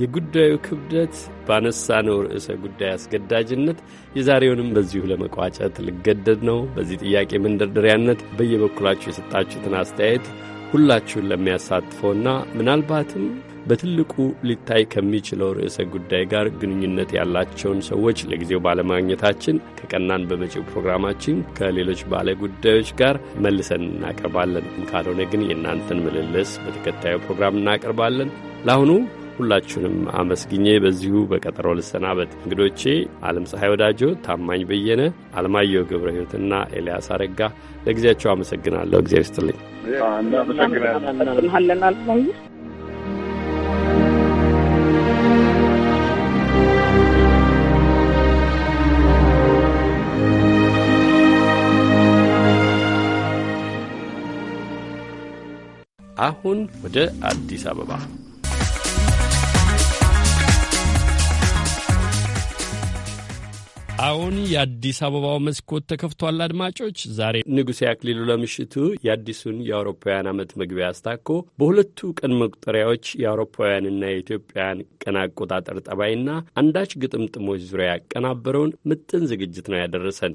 የጉዳዩ ክብደት ባነሳነው ርዕሰ ጉዳይ አስገዳጅነት የዛሬውንም በዚሁ ለመቋጨት ልገደድ ነው። በዚህ ጥያቄ መንደርደሪያነት በየበኩላችሁ የሰጣችሁትን አስተያየት ሁላችሁን ለሚያሳትፈውና ምናልባትም በትልቁ ሊታይ ከሚችለው ርዕሰ ጉዳይ ጋር ግንኙነት ያላቸውን ሰዎች ለጊዜው ባለማግኘታችን ከቀናን በመጪው ፕሮግራማችን ከሌሎች ባለ ጉዳዮች ጋር መልሰን እናቀርባለን። ካልሆነ ግን የእናንተን ምልልስ በተከታዩ ፕሮግራም እናቀርባለን። ለአሁኑ ሁላችሁንም አመስግኜ በዚሁ በቀጠሮ ልሰናበት። እንግዶቼ አለም ፀሐይ ወዳጆ፣ ታማኝ በየነ፣ አለማየሁ ገብረ ሕይወትና ኤልያስ አረጋ ለጊዜያቸው አመሰግናለሁ። እግዚአብሔር ይስጥልኝ። አሁን ወደ አዲስ አበባ አሁን የአዲስ አበባው መስኮት ተከፍቷል። አድማጮች ዛሬ ንጉሴ አክሊሉ ለምሽቱ የአዲሱን የአውሮፓውያን ዓመት መግቢያ አስታኮ በሁለቱ ቀን መቁጠሪያዎች የአውሮፓውያንና የኢትዮጵያውያን ቀን አቆጣጠር ጠባይና አንዳች ግጥምጥሞች ዙሪያ ያቀናበረውን ምጥን ዝግጅት ነው ያደረሰን።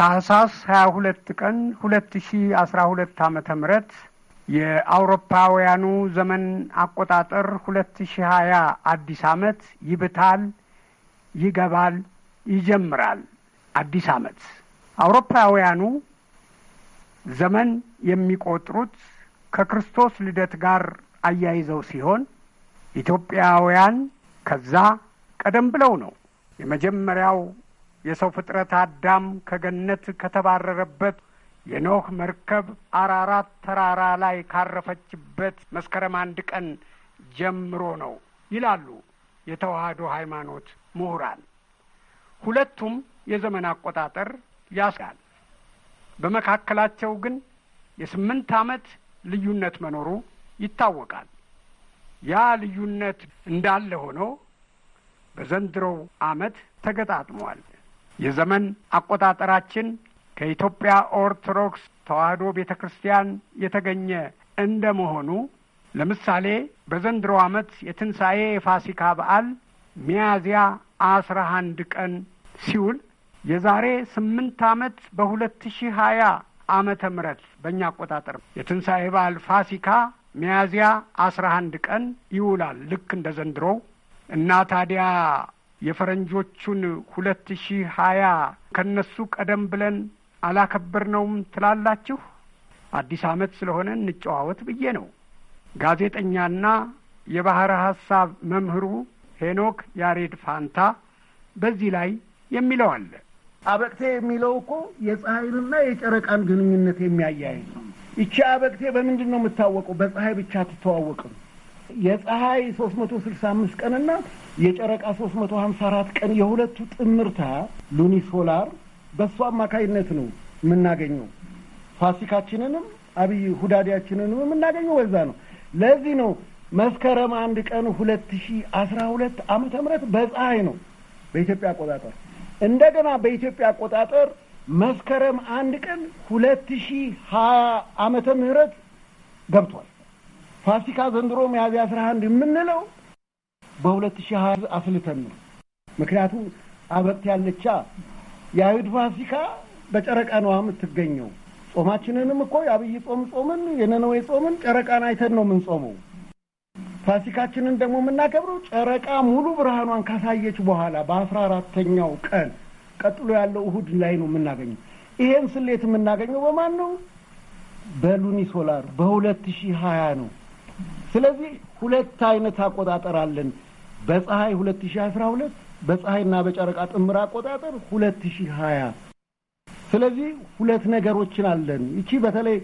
ታህሳስ 22 ቀን 2012 ዓ ም የአውሮፓውያኑ ዘመን አቆጣጠር ሁለት ሺ ሀያ አዲስ አመት ይብታል፣ ይገባል፣ ይጀምራል። አዲስ አመት አውሮፓውያኑ ዘመን የሚቆጥሩት ከክርስቶስ ልደት ጋር አያይዘው ሲሆን ኢትዮጵያውያን ከዛ ቀደም ብለው ነው። የመጀመሪያው የሰው ፍጥረት አዳም ከገነት ከተባረረበት የኖህ መርከብ አራራት ተራራ ላይ ካረፈችበት መስከረም አንድ ቀን ጀምሮ ነው ይላሉ የተዋህዶ ሃይማኖት ምሁራን። ሁለቱም የዘመን አቆጣጠር ያስጋል። በመካከላቸው ግን የስምንት ዓመት ልዩነት መኖሩ ይታወቃል። ያ ልዩነት እንዳለ ሆኖ በዘንድሮው ዓመት ተገጣጥሟል። የዘመን አቆጣጠራችን ከኢትዮጵያ ኦርቶዶክስ ተዋሕዶ ቤተ ክርስቲያን የተገኘ እንደ መሆኑ ለምሳሌ በዘንድሮ ዓመት የትንሣኤ የፋሲካ በዓል ሚያዝያ አስራ አንድ ቀን ሲውል የዛሬ ስምንት ዓመት በሁለት ሺህ ሀያ ዓመተ ምህረት በእኛ አቆጣጠር የትንሣኤ በዓል ፋሲካ ሚያዝያ አስራ አንድ ቀን ይውላል ልክ እንደ ዘንድሮው እና ታዲያ የፈረንጆቹን ሁለት ሺህ ሀያ ከነሱ ቀደም ብለን አላከበር ትላላችሁ። አዲስ ዓመት ስለሆነ እንጨዋወት ብዬ ነው። ጋዜጠኛና የባህር ሐሳብ መምህሩ ሄኖክ ያሬድ ፋንታ በዚህ ላይ የሚለው አለ። አበቅቴ የሚለው እኮ የፀሐይንና የጨረቃን ግንኙነት የሚያያይዝ ነው። ይቺ አበቅቴ በምንድን ነው የምታወቀው? በፀሐይ ብቻ አትተዋወቅም። የፀሐይ 365 ቀንና የጨረቃ 354 አራት ቀን የሁለቱ ጥምርታ ሉኒ በእሱ አማካይነት ነው የምናገኘው። ፋሲካችንንም አብይ ሁዳዴያችንንም የምናገኘው በዛ ነው። ለዚህ ነው መስከረም አንድ ቀን ሁለት ሺ አስራ ሁለት አመተ ምህረት በፀሐይ ነው በኢትዮጵያ አቆጣጠር። እንደገና በኢትዮጵያ አቆጣጠር መስከረም አንድ ቀን ሁለት ሺ ሀያ አመተ ምህረት ገብቷል። ፋሲካ ዘንድሮ ሚያዝያ አስራ አንድ የምንለው በሁለት ሺ ሀያ አስልተን ነው። ምክንያቱም አበቅት ያለቻ የአይሁድ ፋሲካ በጨረቃ ነው የምትገኘው። ጾማችንንም እኮ የአብይ ጾም ጾምን የነነዌ ጾምን ጨረቃን አይተን ነው የምንጾመው። ፋሲካችንን ደግሞ የምናከብረው ጨረቃ ሙሉ ብርሃኗን ካሳየች በኋላ በአስራ አራተኛው ቀን ቀጥሎ ያለው እሁድ ላይ ነው የምናገኘው። ይሄን ስሌት የምናገኘው በማን ነው? በሉኒ ሶላር በሁለት ሺህ ሀያ ነው። ስለዚህ ሁለት አይነት አቆጣጠር አለን። በፀሐይ ሁለት ሺህ አስራ ሁለት በፀሐይና በጨረቃ ጥምር አቆጣጠር ሁለት ሺህ ሀያ ስለዚህ ሁለት ነገሮችን አለን። ይቺ በተለይ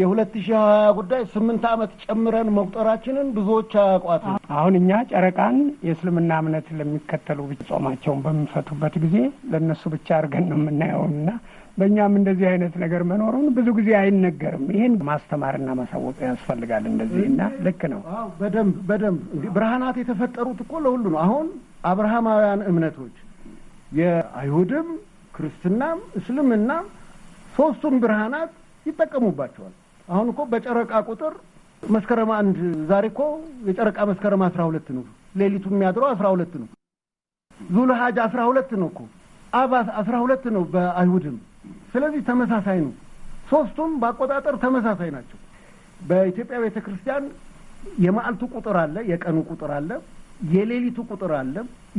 የሁለት ሺህ ሀያ ጉዳይ ስምንት ዓመት ጨምረን መቁጠራችንን ብዙዎች አያውቋትም። አሁን እኛ ጨረቃን የእስልምና እምነት ለሚከተሉ ጾማቸውን በሚፈቱበት ጊዜ ለእነሱ ብቻ አድርገን ነው እና በእኛም እንደዚህ አይነት ነገር መኖሩን ብዙ ጊዜ አይነገርም። ይህን ማስተማርና ማሳወቅ ያስፈልጋል። እንደዚህ እና ልክ ነው። በደንብ በደንብ ብርሃናት የተፈጠሩት እኮ ለሁሉ ነው አሁን አብርሃማውያን እምነቶች የአይሁድም፣ ክርስትናም፣ እስልምናም ሶስቱም ብርሃናት ይጠቀሙባቸዋል። አሁን እኮ በጨረቃ ቁጥር መስከረም አንድ ዛሬ እኮ የጨረቃ መስከረም አስራ ሁለት ነው። ሌሊቱ የሚያድረው አስራ ሁለት ነው። ዙልሃጅ አስራ ሁለት ነው እኮ አብ አስራ ሁለት ነው በአይሁድም። ስለዚህ ተመሳሳይ ነው። ሶስቱም በአቆጣጠር ተመሳሳይ ናቸው። በኢትዮጵያ ቤተ ክርስቲያን የማዕልቱ ቁጥር አለ፣ የቀኑ ቁጥር አለ። የሌሊቱ ቁጥር አለ፣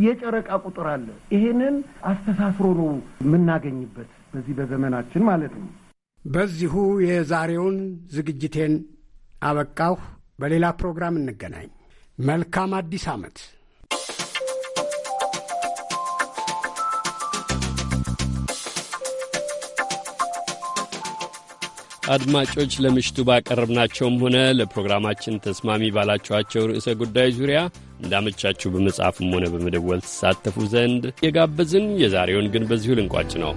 የጨረቃ ቁጥር አለ። ይሄንን አስተሳስሮ ነው የምናገኝበት በዚህ በዘመናችን ማለት ነው። በዚሁ የዛሬውን ዝግጅቴን አበቃሁ። በሌላ ፕሮግራም እንገናኝ። መልካም አዲስ ዓመት። አድማጮች ለምሽቱ ባቀረብናቸውም ሆነ ለፕሮግራማችን ተስማሚ ባላችኋቸው ርዕሰ ጉዳይ ዙሪያ እንዳመቻችሁ በመጻፍም ሆነ በመደወል ትሳተፉ ዘንድ የጋበዝን። የዛሬውን ግን በዚሁ ልንቋጭ ነው።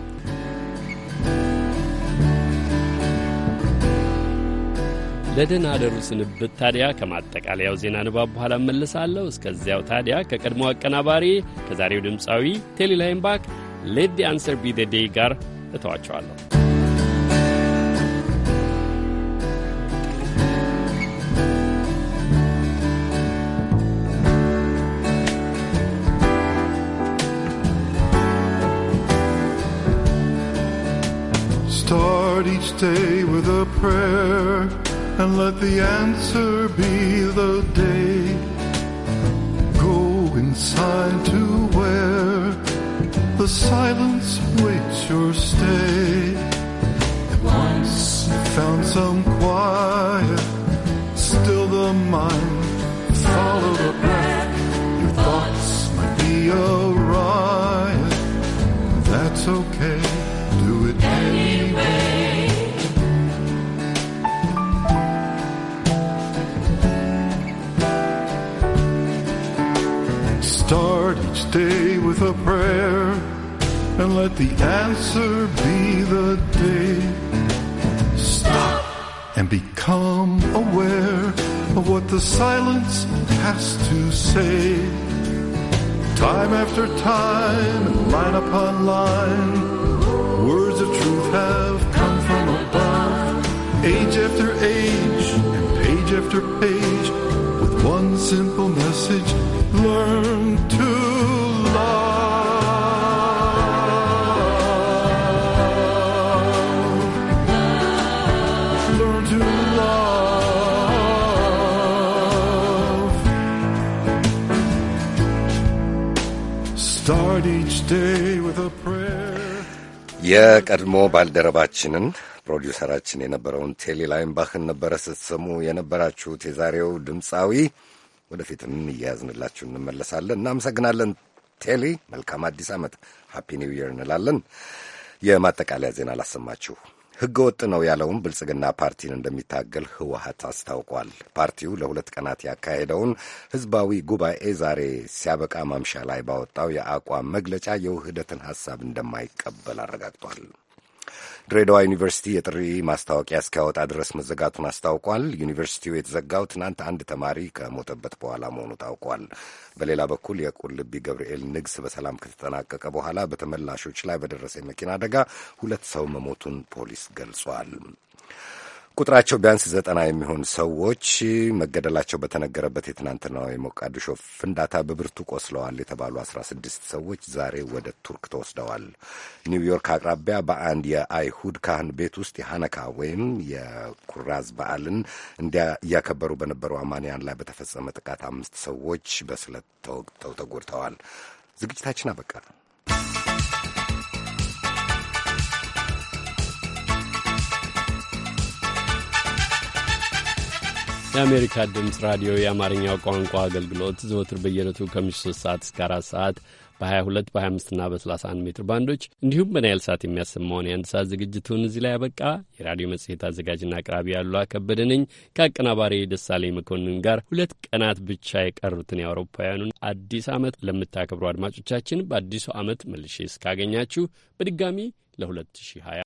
ለደህና አደሩ ስንብት ታዲያ ከማጠቃለያው ዜና ንባብ በኋላ መለሳለሁ። እስከዚያው ታዲያ ከቀድሞ አቀናባሪ ከዛሬው ድምፃዊ ቴሌላይምባክ ሌት ዲ አንሰር ቢ ደ ዴይ ጋር እተዋቸዋለሁ። Start each day with a prayer and let the answer be the day. Go inside to where the silence waits your stay. At once you found some quiet, still the mind, follow the breath. Your thoughts might be a riot. That's okay. day with a prayer and let the answer be the day. Stop and become aware of what the silence has to say. Time after time, line upon line, words of truth have come from above. Age after age, and page after page, with one simple message learn to የቀድሞ ባልደረባችንን ፕሮዲውሰራችን የነበረውን ቴሊ ላይምባክን ነበረ ስትሰሙ የነበራችሁት። የዛሬው ድምፃዊ ወደፊትም እያያዝንላችሁ እንመለሳለን። እናመሰግናለን ቴሊ። መልካም አዲስ ዓመት፣ ሃፒ ኒው ይር እንላለን። የማጠቃለያ ዜና አላሰማችሁ። ወጥ ነው ያለውን ብልጽግና ፓርቲን እንደሚታገል ህወሀት አስታውቋል። ፓርቲው ለሁለት ቀናት ያካሄደውን ህዝባዊ ጉባኤ ዛሬ ሲያበቃ ማምሻ ላይ ባወጣው የአቋም መግለጫ የውህደትን ሐሳብ እንደማይቀበል አረጋግጧል። ድሬዳዋ ዩኒቨርሲቲ የጥሪ ማስታወቂያ እስኪያወጣ ድረስ መዘጋቱን አስታውቋል። ዩኒቨርሲቲው የተዘጋው ትናንት አንድ ተማሪ ከሞተበት በኋላ መሆኑ ታውቋል። በሌላ በኩል የቁልቢ ገብርኤል ንግስ በሰላም ከተጠናቀቀ በኋላ በተመላሾች ላይ በደረሰ የመኪና አደጋ ሁለት ሰው መሞቱን ፖሊስ ገልጿል። ቁጥራቸው ቢያንስ ዘጠና የሚሆን ሰዎች መገደላቸው በተነገረበት የትናንትናው የሞቃዲሾ ፍንዳታ በብርቱ ቆስለዋል የተባሉ አስራ ስድስት ሰዎች ዛሬ ወደ ቱርክ ተወስደዋል። ኒውዮርክ አቅራቢያ በአንድ የአይሁድ ካህን ቤት ውስጥ የሐነካ ወይም የኩራዝ በዓልን እንዲያ እያከበሩ በነበሩ አማንያን ላይ በተፈጸመ ጥቃት አምስት ሰዎች በስለት ተወግተው ተጎድተዋል። ዝግጅታችን አበቃ። የአሜሪካ ድምፅ ራዲዮ የአማርኛው ቋንቋ አገልግሎት ዘወትር በየለቱ ከምሽቱ 3 ሰዓት እስከ 4 ሰዓት በ22 በ25ና በ31 ሜትር ባንዶች እንዲሁም በናይል ሰዓት የሚያሰማውን የአንድ ሰዓት ዝግጅቱን እዚህ ላይ ያበቃ። የራዲዮ መጽሔት አዘጋጅና አቅራቢ ያሉ አከበደ ነኝ ከአቀናባሪ ደሳሌ መኮንን ጋር ሁለት ቀናት ብቻ የቀሩትን የአውሮፓውያኑን አዲስ ዓመት ለምታከብሩ አድማጮቻችን በአዲሱ ዓመት መልሼ እስካገኛችሁ በድጋሚ ለ2020